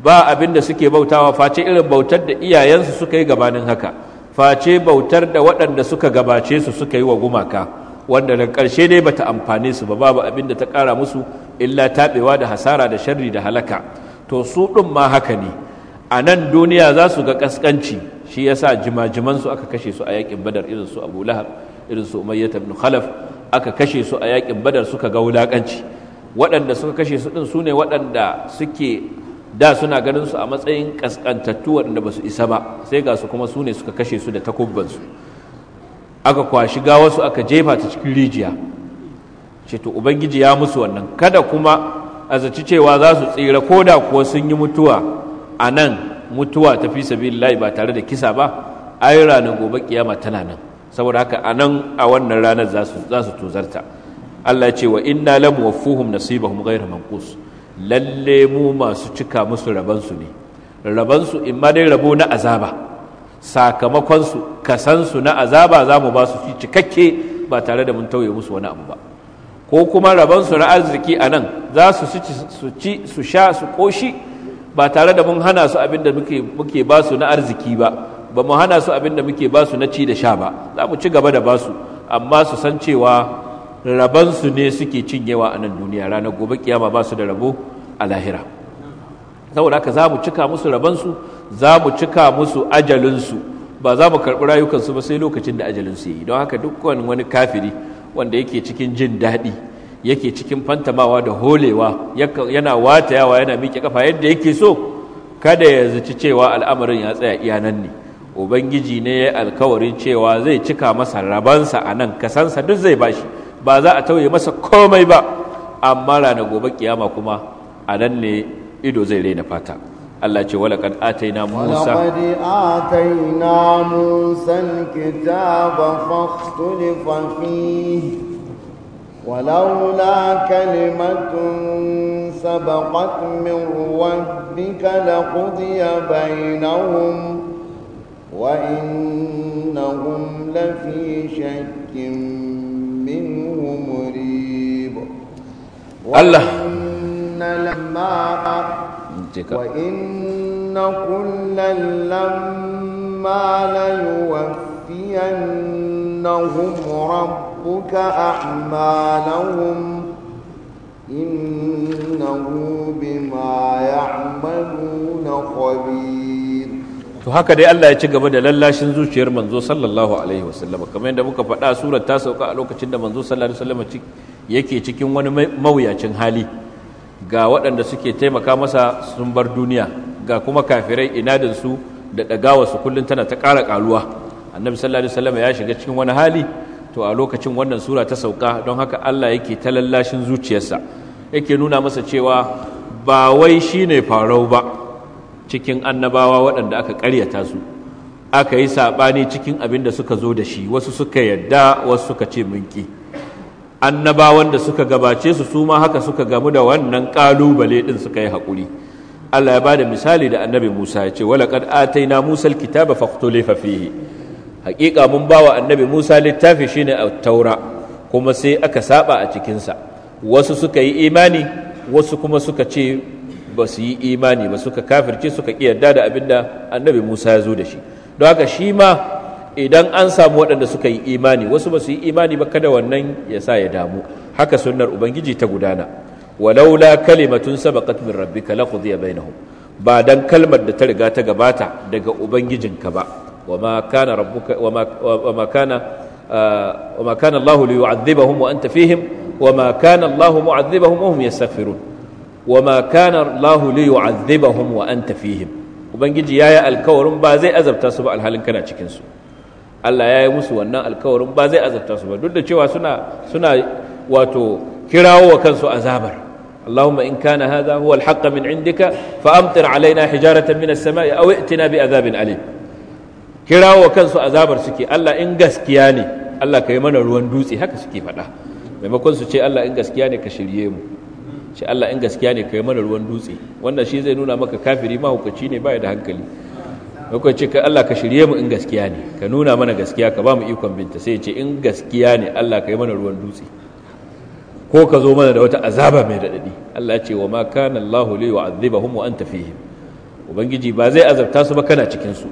Speaker 1: ba abin da suke bautawa face irin bautar da iyayensu suka yi gabanin haka face bautar da waɗanda suka gabace su suka yi wa gumaka wanda da ƙarshe dai bata amfane su ba babu abin da ta ƙara musu illa taɓewa da hasara da sharri da halaka to su ɗin ma haka ne a nan duniya za su ga ƙasƙanci shi yasa jimajiman su aka kashe su a yaƙin badar irin su abu lahab irin su umayyata bin khalaf aka kashe su a yaƙin badar suka ga wulaƙanci waɗanda suka kashe su ɗin su ne waɗanda suke da suna ganin su a matsayin ƙasƙantattu waɗanda ba su isa ba sai ga su kuma su ne suka kashe su da takubbansu aka kwashi ga wasu aka jefa ta cikin rijiya ce to ubangiji ya musu wannan kada kuma a zaci cewa za su tsira ko da kuwa sun yi mutuwa a nan mutuwa ta fi sabilillahi ba tare da kisa ba ai ranar gobe kiyama tana nan saboda haka a nan a wannan ranar za su tozarta Allah ce wa inna lam waffuhum nasibahum ghayra manqus lalle mu masu cika musu raban su ne raban su in ma dai rabo na azaba sakamakon su kasan su na azaba za mu ba su ci cikakke ba tare da mun tauye musu wani abu ba ko kuma raban su na arziki anan za su su ci su sha su koshi ba tare da mun hana su abin da muke muke ba su na arziki ba ba mu hana su abin da muke ba su na ci da sha ba za mu ci gaba da ba su amma su san cewa rabansu ne suke cinyewa a nan duniya ranar gobe kiyama ba su da rabo a lahira saboda haka za mu cika musu rabansu za mu cika musu ajalinsu ba za mu karɓi rayukansu ba sai lokacin da ajalinsu yi don haka dukkan wani kafiri wanda yake cikin jin daɗi yake cikin fantamawa da holewa yana watayawa yana miƙe kafa yadda yake so kada ya zaci cewa al'amarin ya tsaya iyanan ne ubangiji ne ya alkawarin cewa zai cika masa rabansa a nan kasansa duk zai bashi ba za a tauye masa komai ba amma ranar gobe kiyama kuma a nan ne ido zai raina fata Allah ce wala kan ataina Musa
Speaker 2: laqad ataina Musa alkitaba fakhtulifa ولولا كلمة سبقت من ربك لقضي بينهم وإنهم لفي شك Allah wa kullal lamma la yuwaffiyannahum rabbuka a'malahum innahu bima na khabir
Speaker 1: to haka dai Allah ya ci gaba da lallashin zuciyar manzo sallallahu alaihi wasallam kamar yadda muka faɗa surar ta sauka a lokacin da manzo sallallahu alaihi wasallam yake cikin wani mawuyacin hali ga waɗanda suke taimaka masa sun bar duniya ga kuma kafirai inadin su da ɗagawa su kullum tana ta ƙara ƙaruwa annabi sallallahu alaihi wasallam ya shiga cikin wani hali to a lokacin wannan sura ta sauka don haka Allah yake ta lallashin zuciyarsa yake nuna masa cewa ba wai shine farau ba cikin annabawa waɗanda aka ƙaryata su aka yi saɓani cikin abin da suka zo da shi wasu suka yadda wasu suka ce mun annabawan da suka gabace su suma haka suka gamu da wannan ƙalubale ɗin suka yi haƙuri Allah ya bada misali da annabi Musa ya ce atai ataina Musa kitaba faqtulifa fihi haƙiƙa mun bawa annabi Musa littafi shine a taura kuma sai aka saba a cikinsa wasu suka yi imani wasu kuma suka ce ba su yi imani ba suka kafirce suka ƙi yarda da abin da annabi Musa ya zo da shi don haka shi ma idan an samu waɗanda suka yi imani wasu ba su yi imani ba kada wannan ya sa ya damu haka sunnar ubangiji ta gudana walaula kalimatun sabaqat min rabbika laqudiya bainahum ba dan kalmar da ta riga ta gabata daga ubangijinka ba wama kana rabbuka wama kana uh, wama kana Allahu liyu'adhibahum wa anta fihim wama kana Allahu mu'adhibahum wa wa ma kana Allahu li yu'adhibahum wa anta fihim ubangiji yayi alkawarin ba zai azabta su ba alhalin kana cikin su Allah yi musu wannan alkawarin ba zai azabta su ba duk da cewa suna suna wato kirawo wa kansu azabar Allahumma in kana hadha huwa alhaqqa min indika fa amtir alaina hijaratan min as-sama'i aw i'tina bi azabin alim kirawo kansu azabar suke Allah in gaskiya ne Allah ka yi mana ruwan dutse haka suke faɗa maimakon su ce Allah in gaskiya ne ka shirye mu shi Allah in gaskiya ne kai mana ruwan dutse wannan shi zai nuna maka kafiri mahukaci ne baya da hankali lokacin ce ka Allah ka shirye mu in gaskiya ne ka nuna mana gaskiya ka ba mu ikon binta sai ce in gaskiya ne Allah kai mana ruwan dutse ko ka zo mana da wata azaba mai daɗaɗi Allah ya ce wa ma kana Allahu li yu'adhibahum wa anta fihim ubangiji ba zai azabta su ba kana cikin su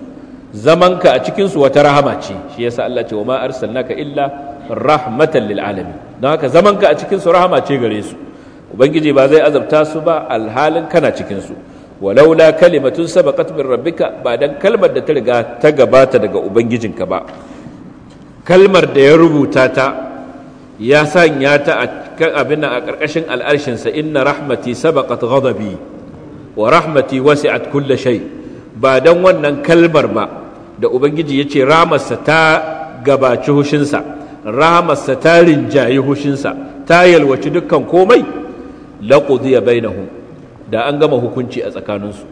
Speaker 1: zamanka a cikin su wata rahama ce shi yasa Allah ce wa ma arsalnaka illa rahmatan lil alamin don haka zamanka a cikin su rahama ce gare su ubangiji ba zai azabta su ba alhalin kana cikinsu su walaula kalimatun sabaqat min rabbika ba dan kalmar da ta riga ta gabata daga ubangijinka ba kalmar da ya rubuta ta ya sanya ta abin a ƙarƙashin al'arshinsa inna rahmati sabaqat ghadabi wa rahmati wasi'at kulla shay ba dan wannan kalmar ba da ubangiji yace ramarsa ta gabaci hushinsa ramarsa ta rinjayi hushinsa ta yalwaci dukkan komai laqudiya bainahum da an gama hukunci a tsakaninsu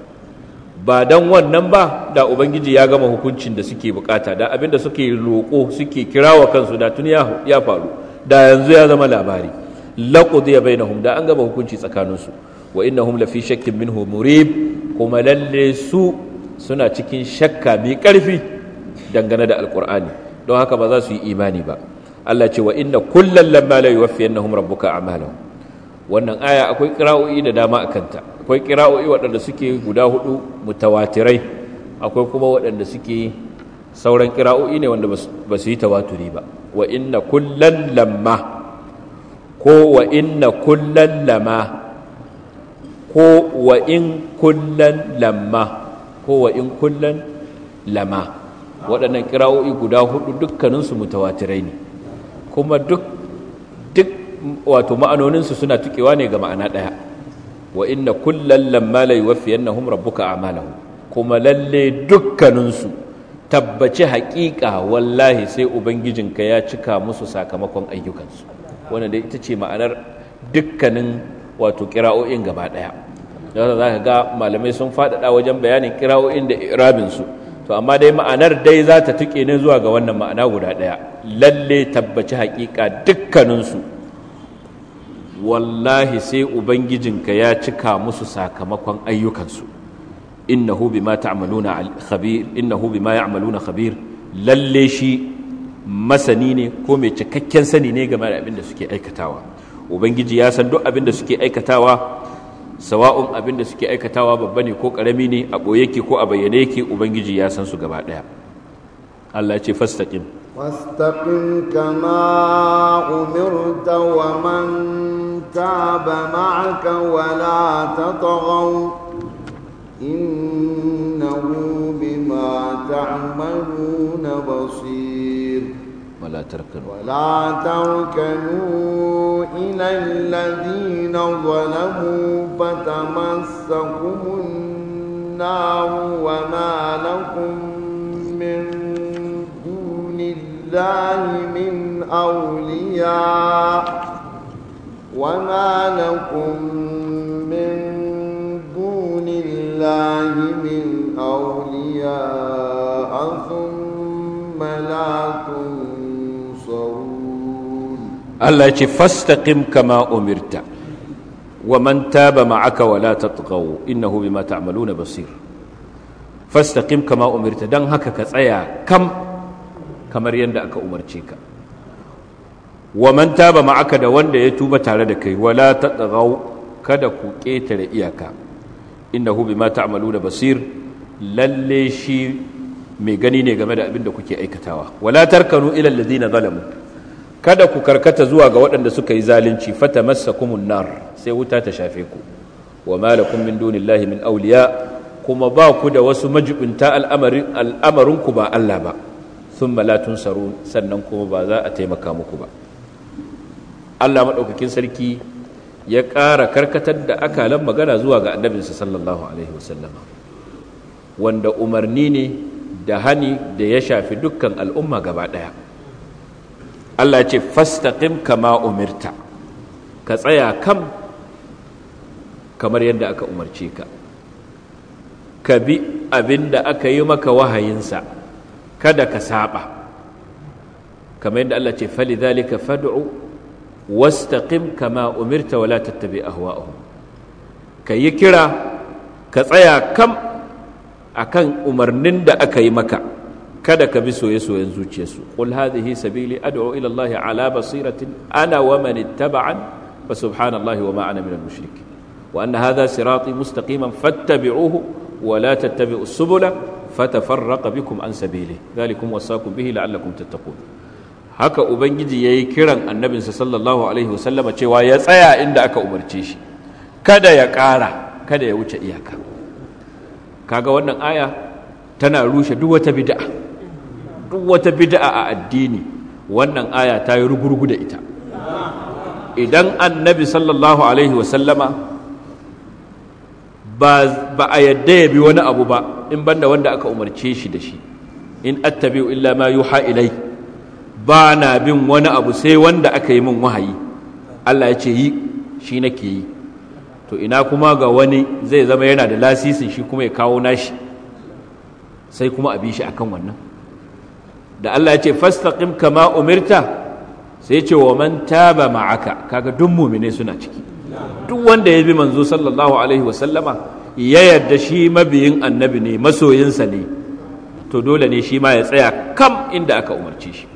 Speaker 1: ba dan wannan ba da ubangiji ya gama hukuncin da suke bukata da abinda suke roƙo suke kirawa kansu da tun ya faru da yanzu ya zama labari laqudiya bainahum da an gama hukunci tsakaninsu wa innahum lafi shakkin minhu murib kuma lalle su suna cikin shakka mai ƙarfi dangane da alkur'ani don haka ba za su yi imani ba Allah ce wa inna kullal lamma la yuwaffiyannahum rabbuka a'malahum wannan aya akwai kira'o'i da dama a kanta akwai kira'o'i waɗanda suke guda hudu mutawatirai akwai kuma waɗanda suke sauran kira'oi ne wanda ba su yi tawaturi ba wa inna kullan lamma ko wa inna kullan lama ko wa in kullan lamma ko wa in kullan lama waɗannan ƙira'o'i guda hudu dukkaninsu mutawatirai ne kuma duk wato ma'anoninsu suna tukewa ne ga ma'ana ɗaya wa inna kullal lamma la hum rabbuka a'malahum kuma lalle dukkaninsu tabbaci haƙiƙa wallahi sai ubangijinka ya cika musu sakamakon ayyukansu wanda dai ita ce ma'anar dukkanin wato kira'o'in gaba ɗaya da za ka ga malamai sun faɗaɗa wajen bayanin kira'o'in da irabinsu to amma dai ma'anar dai za ta tuƙe ne zuwa ga wannan ma'ana guda ɗaya lalle tabbaci haƙiƙa dukkaninsu wallahi sai ubangijinka ya cika musu sakamakon ayyukansu innahu bima ya'maluna khabir lalle shi masani ne ko mai cikakken sani ne game da abin da suke aikatawa ubangiji ya san duk abin da suke aikatawa sawa'un abin da suke aikatawa babba ne ko karami ne a boye yake ko a bayyane yake ubangiji ya san su gaba ɗaya. Allah ya ce fastaqim
Speaker 2: واستقم كما أمرت ومن تاب معك ولا تطغوا إنه بما تعملون بصير
Speaker 1: ولا تركنوا
Speaker 2: ولا تركنوا إلى الذين ظلموا فتمسكم النار وما لكم من لله من أولياء وما لكم من دون الله من أولياء ثم لا تنصرون الله
Speaker 1: فاستقم كما أمرت ومن تاب معك ولا تطغوا إنه بما تعملون بصير فاستقم كما أمرت دن هكا كتايا كم kamar yadda aka umarce ka wa man taba ma'aka da wanda ya tuba tare da kai wala tatghaw kada ku ketare iyaka innahu bima ta'maluna basir lalle shi mai gani ne game da abin da kuke aikatawa wala tarkanu ila alladhina zalamu kada ku karkata zuwa ga waɗanda suka yi zalunci fatamassakumun nar sai wuta ta shafe ku wa malakum min dunillahi min awliya kuma ba ku da wasu majibinta al'amarin ku ba Allah ba sun la tsaro sannan kuma ba za a taimaka muku ba Allah maɗaukakin sarki ya ƙara karkatar da akalan magana zuwa ga annabinsa sallallahu alaihi wasallama wanda umarni ne da hani da ya shafi dukkan al'umma gaba ɗaya Allah ce fastaqim kama umirta ka tsaya kam kamar yadda aka umarce ka ka bi abin da aka yi maka wahayinsa kada ka saba kamar yadda Allah ce fali zalika fad'u wastaqim kama umirta wala tattabi ahwa'uhum ka yi kira ka tsaya kam akan umarnin da aka yi maka kada ka bi soye-soyen zuciyarsu qul hadhihi sabili ad'u ila Allah ala basiratin ana wa man ittaba'an fa subhanallahi wa ma ana minal mushrikin wa anna hadha sirati mustaqiman fattabi'uhu wa la tattabi'us subula fatafarraqa bikum an sabili zalikum wasaqu bihi la'allakum haka ubangiji yayi kiran annabinsa sallallahu alaihi wasallama cewa ya tsaya inda aka umarce shi kada ya ƙara kada ya wuce iyaka kaga wannan aya tana rushe duk wata bid'a duk wata bid'a a addini wannan aya ta yi rugurgu da ita idan annabi sallallahu alaihi wasallama ba a yadda ya bi wani abu ba in banda wanda aka umarce shi da shi in attabi'u illa ma yuha ilai ba na bin wani abu sai wanda aka yi min wahayi Allah ya ce yi shi nake yi to ina kuma ga wani zai zama yana da lasisin shi kuma ya kawo nashi sai kuma a bi shi akan wannan da Allah ya ce fastaqim kama umirta sai ce wa man taba ma'aka kaga duk mu'mine suna ciki duk wanda ya bi manzo sallallahu alaihi wasallama ya yarda shi mabiyin annabi ne masoyinsa ne to dole ne shi ma ya tsaya kam inda aka umarci shi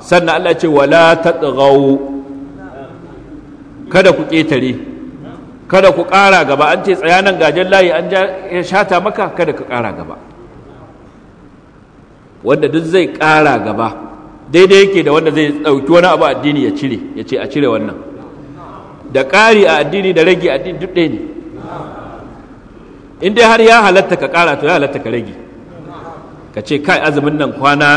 Speaker 1: sannan Allah ce wala tadghaw kada ku ketare kada ku ƙara gaba an ce tsayanan gajen layi an ya shata maka kada ka ƙara gaba wanda duk zai ƙara gaba daidai yake da wanda zai ɗauki wani abu addini ya cire ya ce a cire wannan da ƙari a addini da rage addini duk ɗaya ne in dai har ya halatta ka ƙara to ya halatta ka rage ka ce kai azumin nan kwana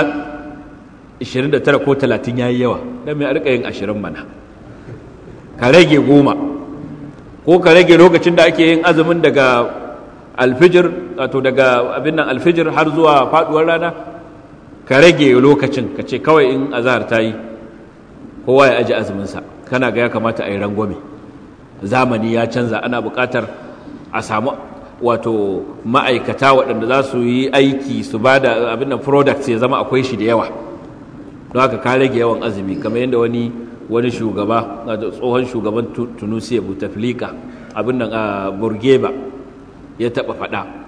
Speaker 1: 29 ko 30 ya yi yawa don mai arka yin 20 mana ka rage goma ko ka rage lokacin da ake yin azumin daga alfijir wato daga abin nan alfijir har zuwa faduwar rana ka rage lokacin ka ce kawai in azahar ta yi kowa ya aji azuminsa kana ga ya kamata a yi rangwame zamani ya canza ana bukatar a samu wato ma'aikata waɗanda za su yi aiki su ba da abin da product ya zama akwai shi da yawa don haka ka rage yawan azumi kamar yadda wani wani shugaba tsohon shugaban tunisia butaflika abin a ah, burgeba ya taɓa faɗa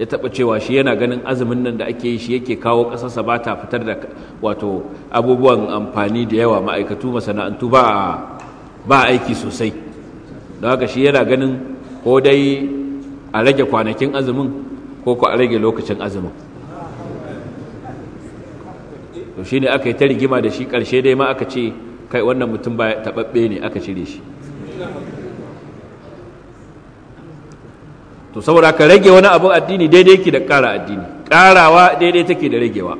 Speaker 1: ya taɓa cewa shi yana ganin azumin nan da ake yi shi yake kawo ƙasarsa ba ta fitar da wato abubuwan amfani da yawa ma'aikatu masana'antu ba ba aiki sosai don haka shi yana ganin ko dai a rage kwanakin azumin ko ko a rage lokacin azumin to shine aka yi ta rigima da shi ƙarshe dai ma aka ce kai wannan mutum ba taɓaɓɓe ne aka cire shi to saboda ka rage wani abu addini daidai yake da ƙara addini ƙarawa daidai take da ragewa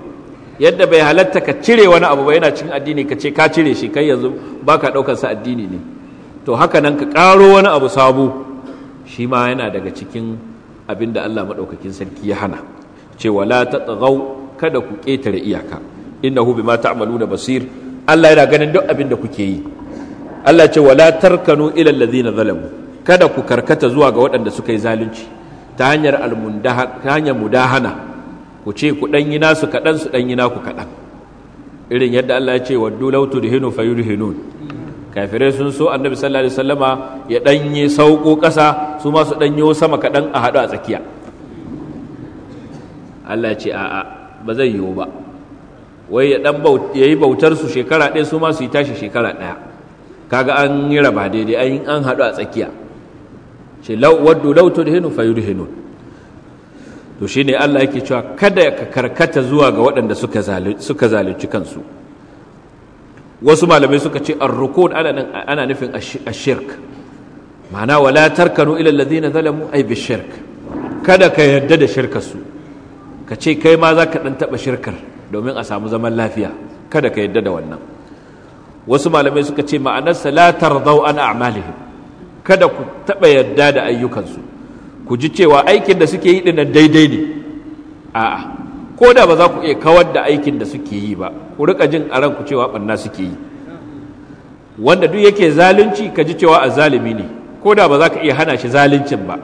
Speaker 1: yadda bai halatta ka cire wani abu ba yana cikin addini ka ce ka cire shi kai yanzu baka ɗaukar sa addini ne to haka nan ka ƙaro wani abu sabo shi ma yana daga cikin abin da Allah maɗaukakin sarki ya hana ce "Wala ta tatghaw kada ku ƙetare iyaka innahu bima da basir Allah yana ganin duk abin da kuke yi Allah ce wala tarkanu ila allazina zalamu kada ku karkata zuwa ga waɗanda suka yi zalunci ta hanyar mudahana ku ce ku ɗanyi nasu kaɗan su ɗanyi naku kaɗan irin yadda Allah ya ce waddu law tudhinu hinun. Kafire sun so annabi sallallahu alaihi wasallama ya ɗanyi sauko ƙasa su ma su ɗanyo sama kaɗan a haɗu a tsakiya Allah ya ce a'a ba zai yiwu ba wai ya ɗan yayi bautar su shekara ɗaya su ma su yi tashi shekara ɗaya kaga an yi raba daidai an haɗu a tsakiya ce waddu law tudhinu fayudhinun to shine Allah yake cewa kada ka karkata zuwa ga waɗanda suka zalunci suka zalunci kansu wasu malamai suka ce ar-rukun ana nufin shirk. ma'ana wala tarkanu ila alladhina zalamu ay shirk. kada ka yarda da shirkar su ka ce kai ma za ka ɗan taɓa shirkar domin a samu zaman lafiya kada ka yadda da wannan wasu malamai suka ce ma'anarsa la tarzau an a'malihim kada ku taɓa yarda da ayyukansu ku ji cewa aikin da suke yi dinnan daidai ne a'a ko da ba za ku iya kawar da aikin da suke yi ba ku rika jin a ranku cewa ɓanna suke yi wanda duk yake zalunci ka ji cewa a zalimi ne ko da ba za ka iya hana shi zaluncin ba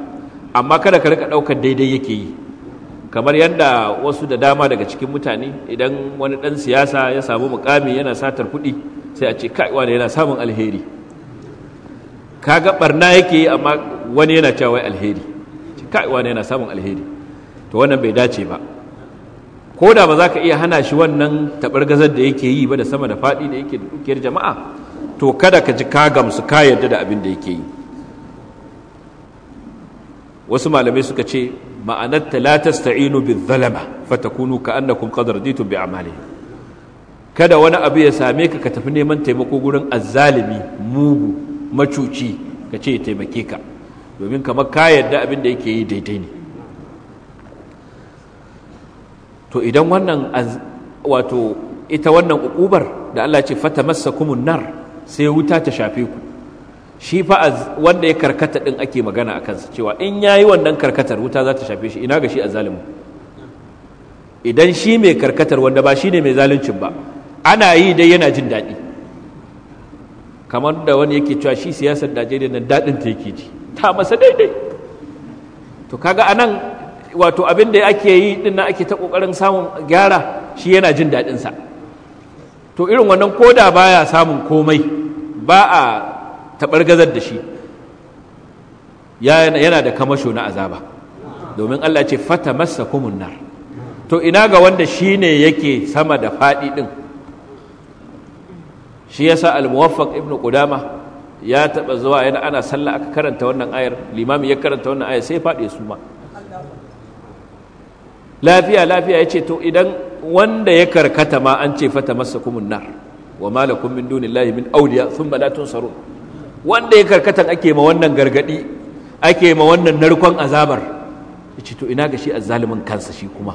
Speaker 1: amma kada ka rika ɗaukar daidai yake yi kamar yadda wasu da dama daga cikin mutane idan wani ɗan siyasa ya samu mukami yana satar kuɗi sai a ce kai wani yana samun alheri kaga barna yake yi amma wani yana cewa alheri kai wani yana samun alheri to wannan bai dace ba ko da ba za ka iya hana shi wannan gazar da yake yi ba da sama da faɗi da yake dukiyar jama'a to kada ka ji ka gamsu ka yarda da abin da yake yi wasu malamai suka ce ma'anarta la tasta'inu bi zalama fatakunu ka annakum qad raditum bi amali kada wani abu ya same ka ka tafi neman taimako gurin azzalimi mugu macuci ka ce taimake ka domin kamar ka yarda abin da yake yi daidai ne to idan wannan wato ita wannan ukubar da Allah ce fata masa kumun sai wuta ta shafe ku shi fa wanda ya karkata ɗin ake magana a kansa cewa in ya yi wannan karkatar wuta za ta shafe shi ina ga shi a zalimu idan shi mai karkatar wanda ba shi ne mai zaluncin ba ana yi dai yana jin daɗi kamar da wani yake cewa shi siyasar najeriya nan daɗin ta yake ji ta masa daidai to kaga anan wato abin da ake yi din ake ta ƙoƙarin samun gyara shi yana jin daɗinsa to irin wannan koda baya samun komai ba a taɓar gazar da shi yana da kamasho na azaba domin allah ce fata masa kumun nar to ina ga wanda shi ne yake sama da faɗi ɗin shi ya sa al-muwaffaq ibn qudama ya taba zuwa yana ana sallah aka karanta wannan ayar limami ya karanta wannan ayar sai faɗe su ma lafiya lafiya yace to idan wanda ya karkata ma an ce fata masa kumun nar wa malakum min dunillahi min awliya thumma la tunsarun wanda ya karkata ake ma wannan gargadi ake ma wannan narkon azabar yace to ina ga shi azzalimin kansa shi kuma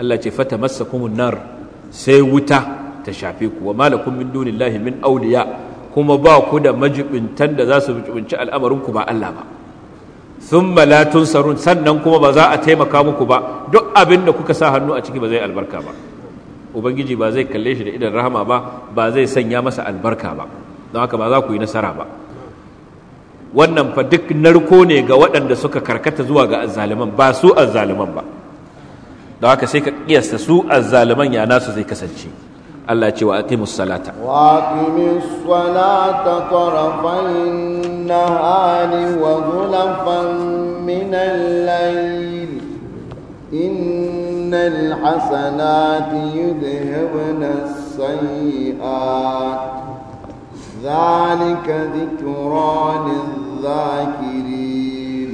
Speaker 1: Allah ce fata masa kumun nar sai wuta ta shafe ku wa malakum min dunillahi min awliya kuma ba ku da majibintan da za su majibinci al'amarin ku ba Allah ba thumma la tunsarun sannan kuma ba za a taimaka muku ba duk abin da kuka sa hannu a ciki ba zai albarka ba ubangiji ba zai kalle shi da idan rahama ba ba zai sanya masa albarka ba don haka ba za ku yi nasara ba wannan fa duk narko ne ga waɗanda suka karkata zuwa ga azzaliman ba su azzaliman ba don haka sai ka kiyasta su azzaliman ya nasu zai kasance Allah ce wa aqimus salata
Speaker 2: wa aqimus salata tarafayn nahari wa zulafan min al-layl innal hasanati yudhhibna as-sayyi'at dhalika dhikra lil-dhakirin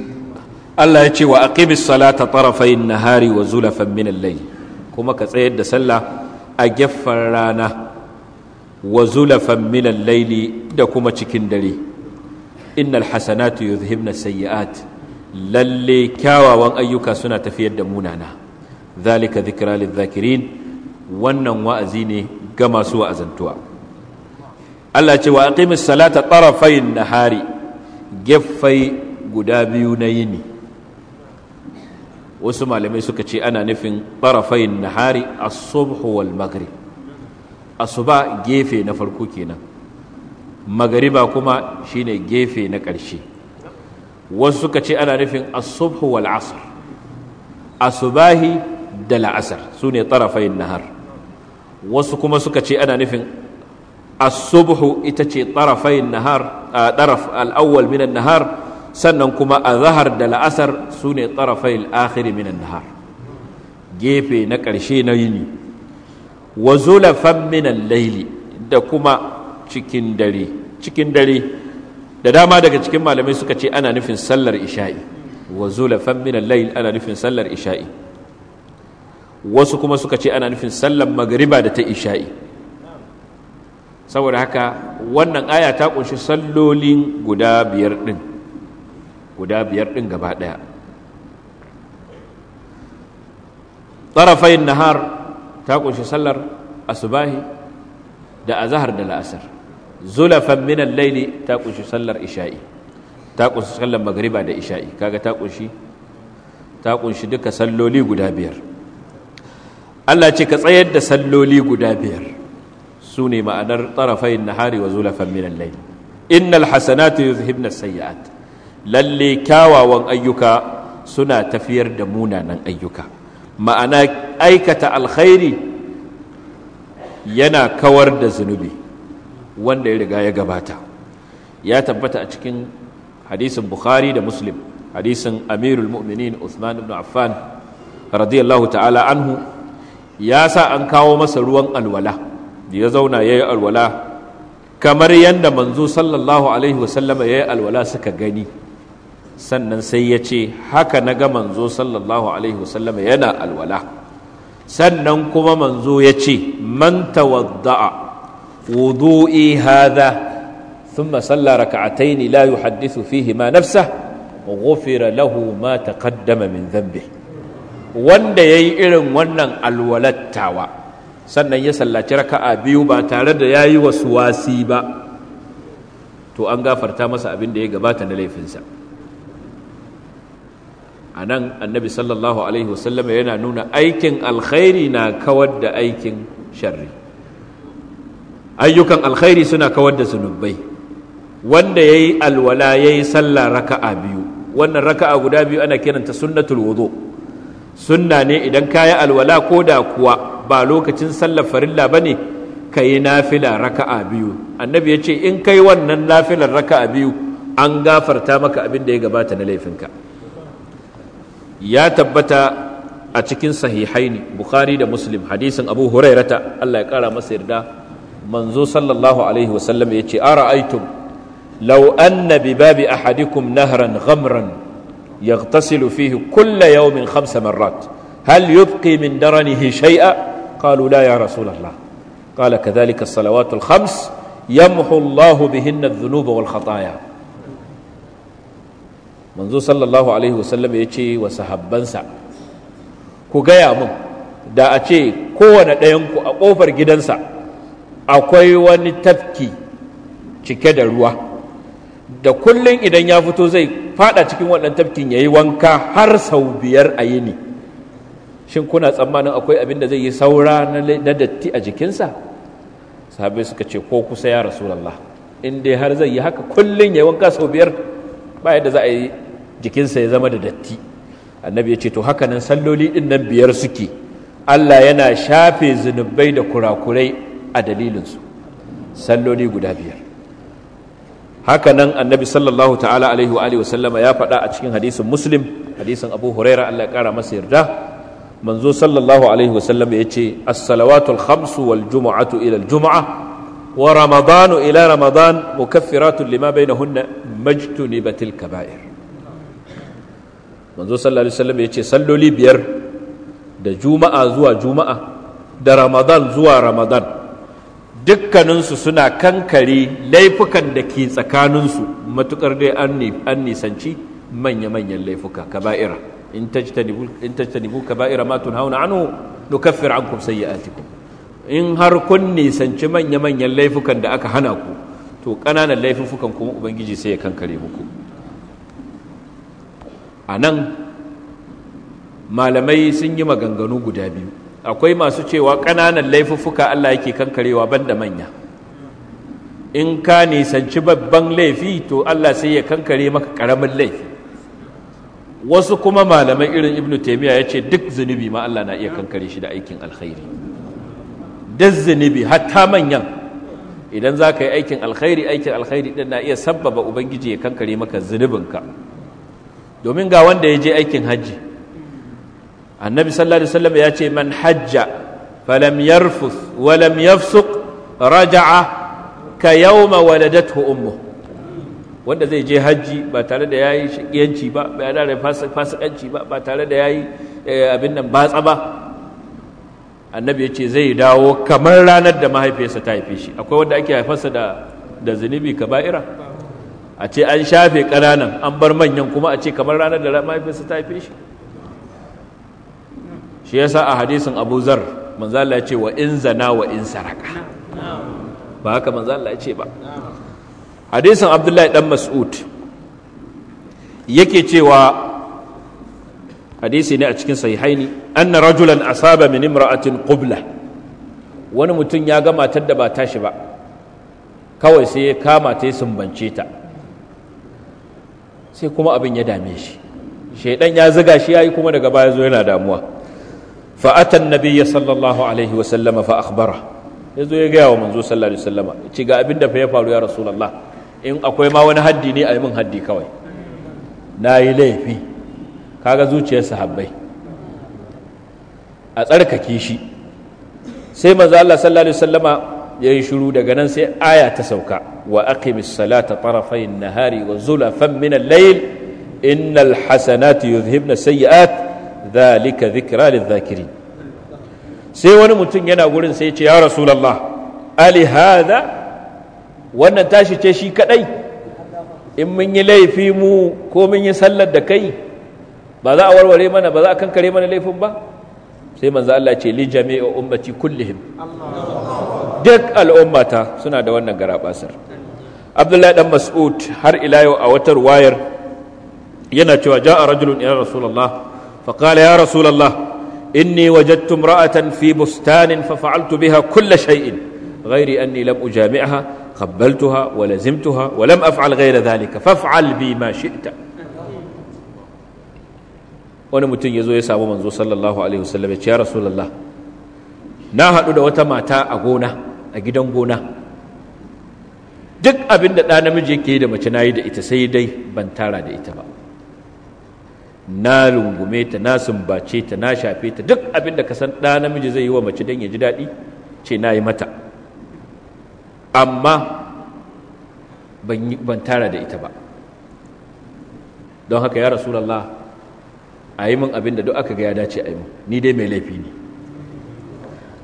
Speaker 1: Allah ya ce wa aqimus salata tarafayn nahari wa zulafan min al-layl kuma ka tsayar da sallah a gefen rana wa zulafan minan laili da kuma cikin dare innal hasanatu yuzhibna sayyi'at lalle kyawawan ayyuka suna tafiyar da munana zalika dhikra lidh-dhakirin wannan wa'azi ne ga masu wa'azantuwa Allah ce wa aqimis salata tarafayn nahari gefai guda biyu na yini wasu malamai suka ce ana nufin ɓarafayin nahari asubhu wal maghrib asuba gefe na farko kenan magariba kuma shine gefe na ƙarshe wasu suka ce ana nufin asubhu wal asr asubahi da la'asar su ne tarafayin nahar wasu kuma suka ce ana nufin asubhu ita ce tarafayin nahar a ɗaraf al'awwal minan nahar sannan kuma a zahar da la'asar su ne tsarafai al'akhiri minan nahar gefe na ƙarshe na yini wa zulafan minan laili da kuma cikin dare cikin dare da dama daga cikin malamai suka ce ana nufin sallar isha'i wa zulafan minan laili ana nufin sallar isha'i wasu kuma suka ce ana nufin sallar magariba da ta isha'i saboda haka wannan aya ta kunshi sallolin guda biyar ɗin guda biyar ɗin gaba ɗaya tsarafayin nahar ta ƙunshi sallar asubahi da azahar da la'asar zulafan minan laili ta ƙunshi sallar isha'i ta ƙunshi sallar magariba da isha'i kaga ta ƙunshi ta ƙunshi duka salloli guda biyar Allah ce ka tsayar da salloli guda biyar su ne ma'anar tsarafayin nahari wa zulafan minan laili innal hasanatu yuzhibna sayyi'at lalle kyawawan ayyuka suna tafiyar da munanan ayyuka ma'ana aikata alkhairi yana kawar da zunubi wanda ya riga ya gabata ya tabbata a cikin hadisin bukhari da muslim hadisin amirul mu'minin usman ibn affan radiyallahu ta'ala anhu ya sa an kawo masa ruwan alwala da ya zauna ya yi alwala kamar yadda manzo sallallahu alaihi wasallama ya yi alwala suka gani sannan sai ya ce haka na ga manzo sallallahu alaihi wasallama yana alwala sannan kuma manzo ya ce man tawadda'a wudu'i hadha thumma salla raka'ataini la yuhaddithu fihi ma nafsa ghufira lahu ma taqaddama min dhanbi wanda yayi irin wannan alwalattawa sannan ya sallaci raka'a biyu ba tare da yayi wasu wasi ba to an gafarta masa abin da ya gabata na laifinsa a nan annabi sallallahu alaihi wasallam yana nuna aikin alkhairi na kawar da aikin sharri ayyukan alkhairi suna kawar da zunubai wanda ya yi alwala ya yi sallah raka'a biyu wannan raka'a guda biyu ana kiranta sunnatul wudu sunna ne idan ka yi alwala ko da kuwa ba lokacin sallar farilla ba ne ka yi nafila raka'a biyu annabi ya ce in kai wannan nafilar raka'a biyu an gafarta maka abin da ya gabata na laifinka ya tabbata a cikin sahihaini bukhari da muslim hadisin abu hurairata Allah ya kara masa yarda manzo sallallahu alaihi wasallam ya ce ara'aytum law anna bi babi ahadikum nahran ghamran yaghtasilu fihi kulla yawmin khamsa marrat hal yubqi min daranihi shay'a qalu la ya rasul Allah qala kadhalika as-salawatu al-khams yamhu Allah bihinna adh-dhunuba wal khataya. manzo sallallahu alaihi wasallam ya ce wa sahabbansa ku gaya mun da a ce kowane ɗayanku a ƙofar gidansa akwai wani tafki cike da ruwa da kullum idan ya fito zai fada cikin wannan tafkin ya yi wanka har sau biyar a yini shin kuna tsammanin akwai abin da zai yi saura na datti a jikinsa sahabai suka ce ko kusa ya rasulallah in dai har zai yi haka kullun ya yi wanka sau biyar ba yadda za a yi jikinsa ya zama da datti annabi ya ce to hakanan salloli ɗin nan biyar suke Allah yana shafe zunubai da kurakurai a dalilinsu salloli guda biyar Hakanan annabi sallallahu ta'ala alaihi wa alihi wasallama ya faɗa a cikin hadisin muslim hadisin abu huraira Allah ya ƙara masa yarda manzo sallallahu alaihi wasallama ya ce as salawatul khamsu wal jumu'atu ila al-jumu'a wa ramadanu ila ramadan mukaffiratun lima bainahunna majtunibatil kaba'ir manzo sallallahu alaihi wasallam ya ce salloli biyar da juma'a zuwa juma'a da ramadan zuwa ramadan dukkaninsu suna kankare laifukan da ke tsakaninsu matukar dai an nisanci manya-manyan laifuka kaba'ira in tajtanibu kaba'ira ma tunhauna anhu nukaffir ankum sayyi'atikum in har kun nisanci manya-manyan laifukan da aka hana ku to ƙananan laifukan kuma ubangiji sai ya kankare muku a nan malamai sun yi maganganu guda biyu akwai masu cewa ƙananan laifuffuka Allah yake kankarewa banda manya in ka nisanci babban laifi to Allah sai ya kankare maka ƙaramin laifi wasu kuma malamai irin ibn taimiyya ya ce duk zunubi ma Allah na iya kankare shi da aikin alkhairi duk zunubi hatta manyan idan za ka yi aikin alkhairi aikin alkhairi ɗin na iya sabbaba ubangiji ya kankare maka zunubinka domin ga wanda ya je aikin hajji annabi sallallahu alaihi wasallam ya ce man hajja falam yarfuth walam yafsuq raja'a ka yawma waladathu ummu wanda zai je hajji ba tare da yayi shakiyanci ba ba ya dare fasikanci ba ba tare da yayi eh, abin nan batsa ba annabi ya ce zai dawo kamar ranar da mahaifiyarsa ta haife shi akwai wanda ake haifarsa da da zunubi kaba'ira a ce an shafe ƙananan an bar manyan kuma a ce kamar ranar da mahaifinsa ta haife shi shi yasa a hadisin abu zar manzala ya ce wa in zana wa in saraka ba haka manzala ya ce ba hadisin abdullahi dan mas'ud yake cewa hadisi ne a cikin sahihaini anna rajulan asaba min imra'atin qubla wani mutum ya ga matar da ba tashi ba kawai sai ya kama ta sumbance ta sai kuma abin ya dame shi shaidan ya ziga shi ya yi kuma daga baya zo yana damuwa fa'atan atan nabiyya sallallahu alaihi wa sallama fa akhbara yazo ya gaya wa manzo sallallahu alaihi wasallama ga abin da fa ya faru ya rasulullah in akwai ma wani haddi ne yi min haddi kawai nayi laifi kaga zuciyar sahabbai a tsarkake shi sai manzo Allah sallallahu alaihi wasallama yayi shiru daga nan sai aya ta sauka wa aqimis salata tarafay an-nahari wa zulafan min al-layl innal hasanati yuzhibna sayyi'at dhalika zikira lidh sai wani mutum yana gurin sai ya ce ya rasulullah ali wannan tashi ce shi kadai in mun yi laifi mu ko mun yi sallar da kai ba za a warware mana ba za a kankare mana laifin ba sai manzo Allah ce li jami'a ummati kullihim duk al'ummata suna da wannan garabasar abdullahi dan mas'ud har ila yau a watar wayar yana cewa ja'a rajulun ila rasulullah fa qala ya rasulullah inni wajadtu imra'atan fi bustanin fa fa'altu biha kull shay'in غير أني لم أجامعها قبلتها ولزمتها ولم أفعل غير ذلك فافعل بي ما شئت wani mutum ya zo ya samu manzo sallallahu alaihi wasallam ya ce ya rasulallah na haɗu da wata mata a gona a gidan gona duk abin da ɗa namiji yake yi da mace na yi da ita sai dai ban tara da ita ba na rungume ta na sumbace ta na shafe ta duk abin da ka san ɗa namiji zai yi wa mace don ya ji daɗi ce na yi mata amma ban tara da ita ba don haka ya rasulallah a yi min abin da duk aka ga ya dace a yi min ni dai mai laifi ne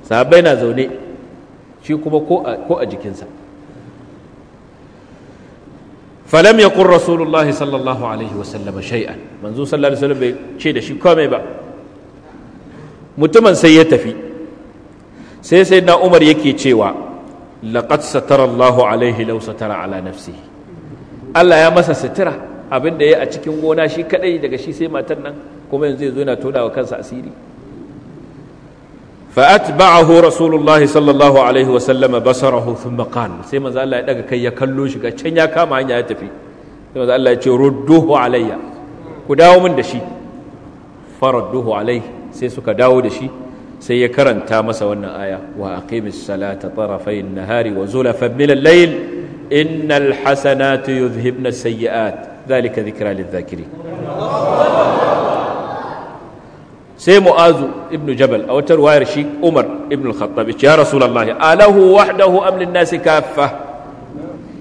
Speaker 1: sahabbai na zaune shi kuma ko a jikinsa falam kun rasulullahi sallallahu alaihi wasallam shay'an manzo sallallahu alaihi wasallam bai ce da shi komai ba mutumin sai ya tafi sai sai na umar yake cewa laqad satara Allahu alaihi law satara ala nafsihi Allah ya masa sitira abin da ya a cikin gona shi kadai daga shi sai matar nan kuma yanzu ya zo yana tona wa kansa asiri فأتبعه رسول الله صلى الله عليه وسلم بصره ثم قال سيما ذا الله يدقى كي يكلو شكا چن يا كاما عين يتفي سيما ذا الله يتفي ردوه علي كداو من دشي فردوه عليه سيسوك داو دشي سيكرن تامس وانا آية وأقيم الصلاة طرفي النهار وزلفا من الليل إن الحسنات يذهبن السيئات ذلك ذكرى للذاكرين sai mu'azu ibn jabal a wata ruwayar shi umar ibn khattab ya rasulullahi alahu wahdahu am lin nasi kaffa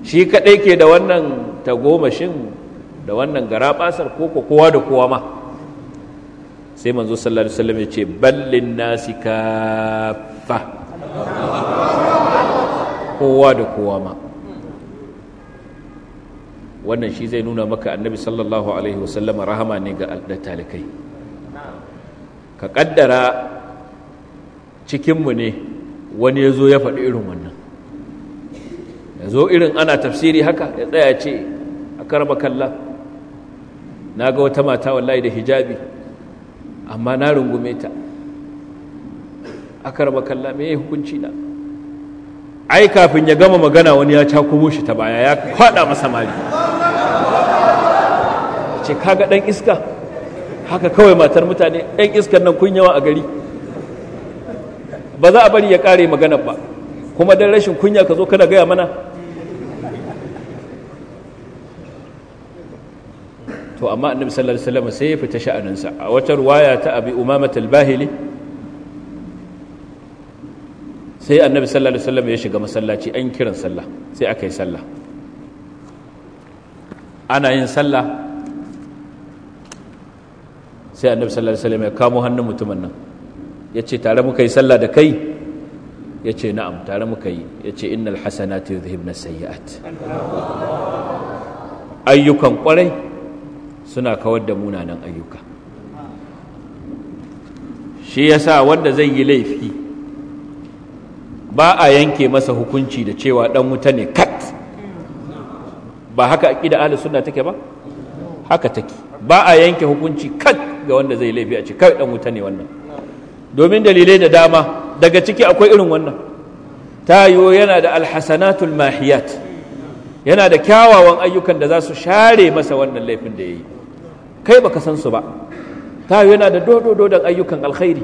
Speaker 1: shi kadai ke da wannan tagomashin da wannan gara garabasar koko kowa da kowa ma sai manzo sallallahu alaihi wasallam ya ce bal nasi kaffa kowa da kowa ma wannan shi zai nuna maka annabi sallallahu alaihi wasallama rahama ne ga talikai ka kaddara cikinmu ne wani ya zo ya faɗi irin wannan ya zo irin ana tafsiri haka ya tsaya ce a karba kalla na ga wata mata wallahi da hijabi amma na rungume ta a karba kalla mai yi hukunci na ai kafin ya gama magana wani ya cakumo shi ta baya ya kwada masa mali ce kaga dan iska haka kawai matar mutane yan iskan nan kun yawa a gari ba za a bari ya ƙare magana ba kuma don rashin kunya ka zo kana gaya mana to amma annabi sallallahu alaihi wasallam sai ya fita sha'aninsa a wata ruwaya ta abi umamat al-bahili sai annabi sallallahu alaihi wasallam ya shiga masallaci an kiran sallah sai aka yi sallah ana yin sallah sai annabi sallallahu alaihi wasallam ya kamo hannun mutumin nan yace tare muka yi sallah da kai yace na'am tare muka yi yace innal hasanati yudhibna sayyi'at ayyukan kwarai suna kawar da munanan ayyuka shi yasa wanda zai yi laifi ba a yanke masa hukunci da cewa dan wuta ne kat ba haka aqida ahlus sunna take ba haka take ba a yanke hukunci kat ga wanda zai laifi a ce kawai dan wuta ne wannan domin dalilai da dama daga ciki akwai irin wannan ta yiwu yana da alhasanatul mahiyat yana da kyawawan ayyukan da za su share masa wannan laifin da ya yi kai baka san su ba ta yiwu yana da dododo ayyukan alkhairi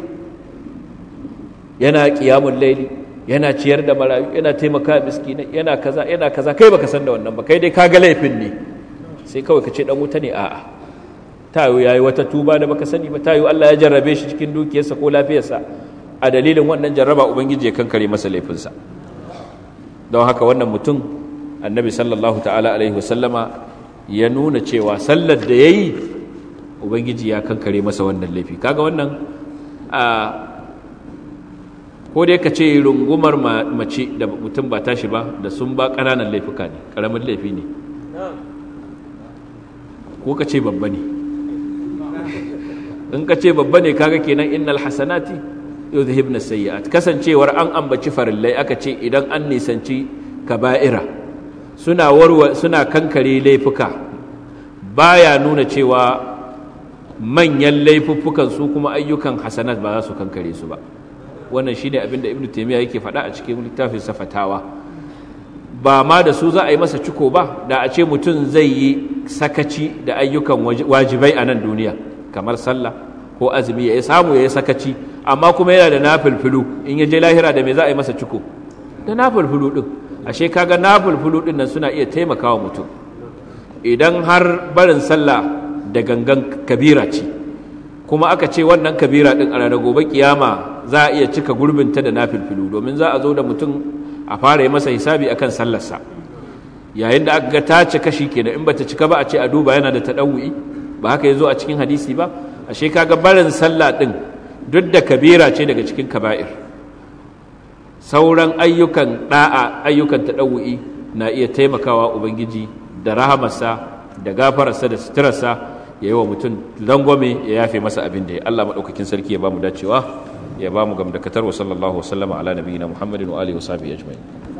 Speaker 1: yana kiyamun laili yana ciyar da marayu yana taimaka miskinai yana kaza yana kaza kai baka san da wannan ba kai dai kaga laifin ne sai kawai ka ce dan wuta ne a'a tayo yayi wata tuba da baka sani ba tayo Allah ya jarrabe shi cikin dukiyarsa ko lafiyarsa a dalilin wannan jarraba ubangiji ya kankare masa laifinsa don haka wannan mutum annabi sallallahu ta'ala alaihi wasallama ya nuna cewa sallar da yayi ubangiji ya kankare masa wannan laifi kaga wannan a ko dai ka ce rungumar mace da mutum ba tashi ba da sun ba ƙananan laifuka ne ƙaramin laifi ne ko ka ce babba ne in ka ce babba ne kaga kenan innal hasanati yuzhibna sayyi'at kasancewar an ambaci farillai aka ce idan an nisanci kaba'ira suna warwa suna kankare laifuka baya nuna cewa manyan laifuffukan su kuma ayyukan hasanat ba za su kankare su ba wannan shine abin da ibnu taymiya yake faɗa a cikin littafin safatawa. ba ma da su za a yi masa ciko ba da a ce mutum zai yi sakaci da ayyukan wajibai a nan duniya kamar sallah ko azumi ya samu ya yi sakaci amma kuma yana da nafilfulu in ya je lahira da me za a yi masa ciko da nafilfulu din ashe kaga nafilfulu din nan suna iya taimakawa mutum idan har barin sallah da gangan kabira ce kuma aka ce wannan kabira din a ranar gobe kiyama za a iya cika gurbinta da nafilfilu domin za a zo da mutum a fara yi masa hisabi akan sallarsa yayin da aka ga ta cika shi kenan in bata cika ba a ce a duba yana da taɗawu'i ba haka ya zo a cikin hadisi ba ashe kaga barin sallah ɗin duk da kabira ce daga cikin kaba'ir sauran ayyukan ɗa'a ayyukan ɗau'i na iya taimakawa ubangiji da rahamarsa da gafararsa da suturarsa ya yi wa mutum langwame ya yafe masa abin da ya Allah maɗaukakin sarki ya ba mu dacewa ya ba mu gamdakatar wa sallallahu wasallama ala nabiyina muhammadin wa alihi wa sahbihi ajma'in